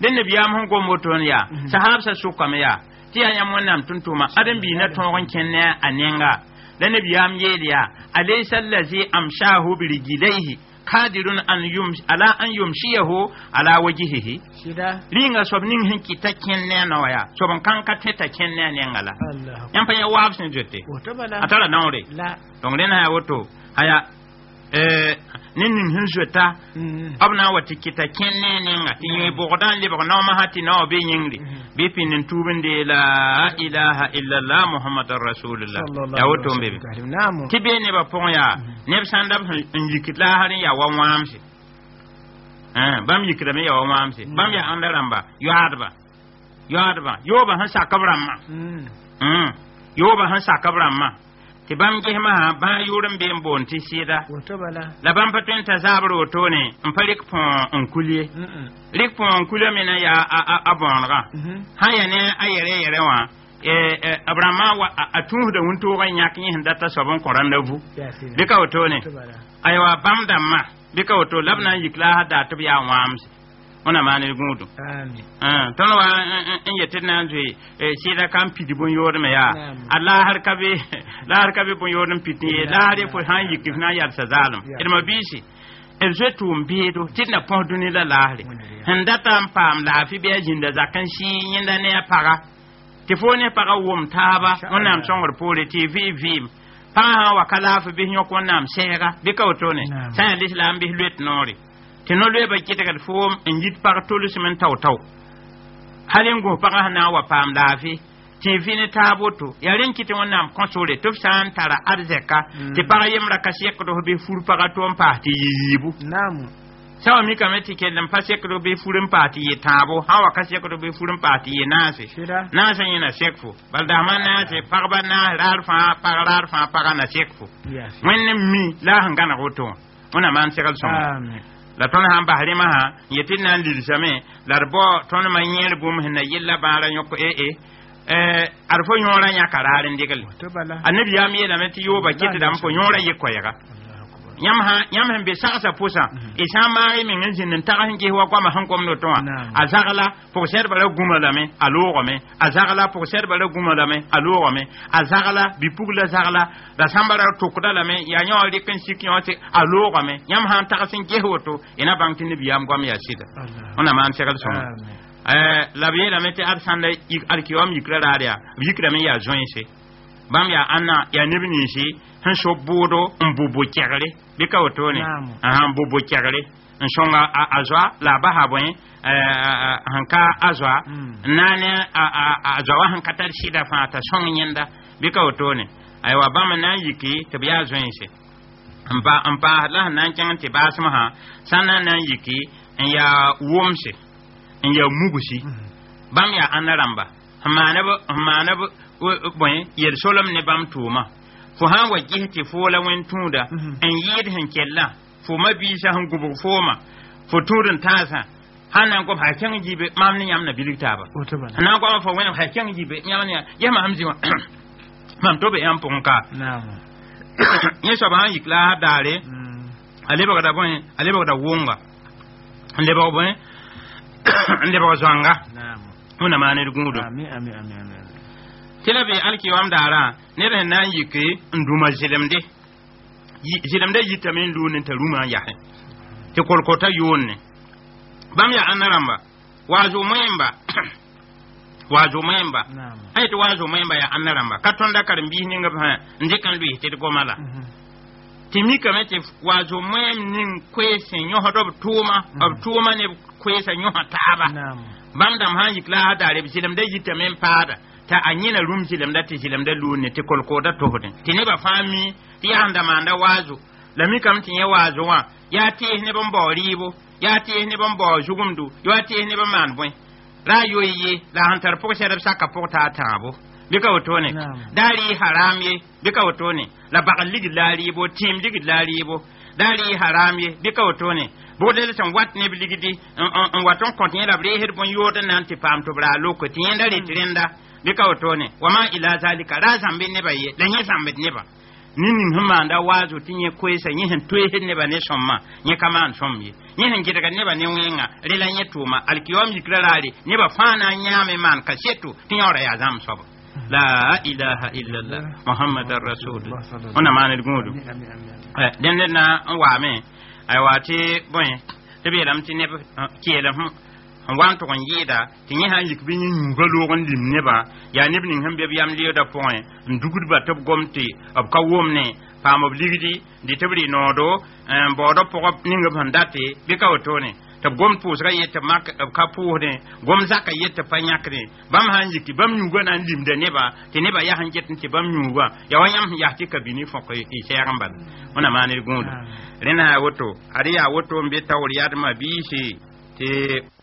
dẽ nebiyaam sẽn gom woto n yaa sahaabsã sʋkame yaa tɩ yaa yãmb wẽnnaam tʋm-tʋʋma ad n biisna tõog n kẽnd ne a nenga nabi yam yeliya alaysa allazi amshahu birigidaihi kadirun an yum ala an yumshiyahu ala wajhihi shida ringa sob ning hin kita ne no ya sob kan ka teta kin ne ne ngala yan pa wa wabsin jote atara nawre la dongle na ya woto haya nin eh, nin hun zuta mm-hmm. abna wata kita kenne ne a yi mm-hmm. bogdan le bogdan ma hati na obi yingri mm-hmm. bi fi nin tubin de la ilaha illallah muhammadar rasulullah ya wato mbe tibe ne ba pon ya ne san da in yikitla har ya wan wamsi bam yikira me ya wan wamsi bam ya andaran ba yadba yadba yoba han sakabran ma mm. ba han kabran ma tibam gesmaha bãa yʋʋr n be n boond tɩ sɩɩda la bãmb pa tõe n ta zaabr wotone n pa rɩk põo n kul ye rɩk põo n kulame na yaa a bõonega sã ya ne a yɛrɛ yɛrɛ wã b rãmbã a tũusda wũntoogã yãk yẽsẽn data soab n kõ rãnda vu bɩ ka wotone aywa bãmb dãmbã bɩ ka woto la b na n yik la daa tɩ b yaa wãamse wẽna maan d gũudu ah, tõnd wa eh, eh, eh, n yet d na n zoe sɩɩda ka n pid bõn-yoodme yaa a laasr ka be laasr ka be bõn-yood n pid tɩ ye laasr ye fo sãn yik f na n yalsa zaalem d ma biisi d zoe tʋʋm beedo tɩ d na põs dũni la laasre sẽn data n paam laafɩ bɩ a zĩnda zak n sɩɩ yẽnda ne a paga tɩ fo ne paga wʋm taaba wẽnnaam sõngr poore tɩ vɩɩ vɩɩm pãgã sã wa ka laafɩ bɩs yõk wẽnnaam sɛɛga bɩ ka wotone sã n la lislaam bɩs loet noore tɩ no-loeebã kɩtgd foom n yit pag tolsm n tao-tao hal n gus pagã sẽn na n wa paam laafɩ tɩ vɩ ne taab woto yaa rẽ n kɩ tɩ wẽnnaam kõsore tɩ b sã n tara ad zɛka tɩ mm. pag yem ra ka sekd f bɩ fur pagã tɩ n paas tɩ yiyiibu sã wa mikame tɩ kell n pa sekd bɩ fur n paas tɩ yɩ tãabo sã wa ka sekd bɩ fur n paas tɩ yɩ naase naasã yẽna sek fo bal daamã naase pagba naas raar fãa pag raar fãa pagã na sek fo wẽnd mi la sẽn gãneg woto wã wẽna maan segl sõma la tõnd sã n bas rẽ masã yẽ tɩ d na n lilsame la d bao tõnd man yẽer bũmb sẽn na yella bãara yõk ee eh, eh. ad eh, fo yõorã yãka raar n degl a nebiyaam yeelame tɩ yooba kɩtdame fo yõorã yik koɛɛga yãmb sẽn be sagsã pʋsã y sã n min y meng n zĩnd n tags sẽn ges wa goamã sẽn kom noto wã a zagla pʋgsɛdbã ra gũma lame a loogame a zagla pʋgsɛdbã ra gũma lame a loogame a zagla bipug la zagla ra sãmba ra tʋkda lame yaa yã wã rɩk n sik yã tɩ a loogame yãmb sã n tags n ges woto y na bãng tɩ nebiyaam goam yaa sɩda wẽna maan segl sõma la b yeelame tɩ ad sãnda arkiwaam yikra raar yaa b yikrame yaa zõense bãmb yaa anna yaa neb ninsi n so buudo n bu bu kɛgre bɩ ka wotone n bu bu kɛgre n sõnga a zoa la eh, eh, a basa bõe sẽn ka a zoa n na ne a zoa wã sẽn ka tar sɩda fãa t'a sõng yẽnda bɩ ka wotone aywa bãmb na n yiki tɩ b yaa zoeese n paasd la sẽn na n kẽng tɩ baasmsã sã na n na n yiki n yaa wʋmse n yaa mugsi bãmb yaa ãnda rãmba sẽn maaneb bõe yel-solem ne bãmb tʋʋmã fo han wa gihti fo la wen tunda mhm. en yid han kella fo mabisa han gubu foma fo tudun tasa han nan ko hakan jibe mam ni na yamna ta ba nan ko fa wen hakan jibe yamna yama hamzi wa mam tobe yam ponka na'am ne so ban yikla dare aleba mm. da bon ale aleba da wonga aleba bon aleba zanga na'am muna manar gudu amin amin amin tɩ la bee alkɩwam daarã ned sẽn na n yike n dũma zelemde zelemda yitame n t'a rũmã n yasẽ tɩ kolkota yoonne bãmb yaa ãnna rãmba waa zʋʋmã yẽmba waa zʋʋmã yẽmba a yetɩ waa zʋʋmã yẽmba yaa ãnna rãmba ka tõnda karen-biis ning b sã n dɩk n goma la mhm. tɩ mikame tɩ waa zʋʋmã yãmb ning koees yõsd b tʋʋma mhm. b tʋʋma ne koeesa yõsã taaba bãmb dãmb sã n yik la a daare b zelemda yitame n paada ta a yẽna rũmb zɩlemda ti zɩlemda luunne tɩ kolkooda tobdẽ tɩ nebã Ti mi tɩ yaa sẽn da la mikame tɩ yẽ waazo wã yaa tees neb n baoo rɩɩbo yaa tees neb n baoo zugumdu yaa tees neb n maan bõe ra a ye la hantar tar pʋg sɛd saka pʋg ta tãabo bɩ ka wotone daa rɩɩ ye bika ka wotone la bagl ligd la a rɩɩbo tɩɩm ligd la a dali haram ye bɩ ka wotone bʋgdl wat ne ligdi n wat n kõt yẽ la b reesd bõn yood n na n tɩ paam tɩ b raa lika otone wama ila zalika ra zambe ba ye la nyɛ zãmbd neba ne ning sẽn maanda waazo tɩ yẽ koɛɛsã yẽ sẽn toeesd neba ne sõmma yẽ ka maan sõm ye yẽ sẽn gɩdga neba ne wẽnga la yẽ tʋʋma alkiyoam yikrã raare neba fãa na fana yãame maan ka seto tɩ ora yaa zãmb soaba la ilaha illallah mohammadan eh, na n wa n tʋg n yɩɩda tɩ yẽ sã n yik bɩ yẽ yũuga loog n lim nebã yaa neb ning sẽn be b yam leoodã pʋgẽ n dugdba tɩ b gom tɩ b ka wʋm ne paam b ligdi dɩ tɩ b rɩ noodo n baoodã pʋgb ning b sẽn datɩ bɩ ka wotone tɩ b gom pʋʋsgã yet tɩ mak b ka pʋʋsdẽ gom zakã yet tɩ pa yãkdẽ bãmb sã n yik tɩ bãmb yũugã na n limda nebã tɩ nebã yaa sẽn get n tɩ bãmb yũugã yaa wa yãmb sẽn yas tɩ kabini fõk y sɛɛg n bala wẽna maan d gũuda rẽ na a woto ad yaa woto n be taoor yadmã biise tɩ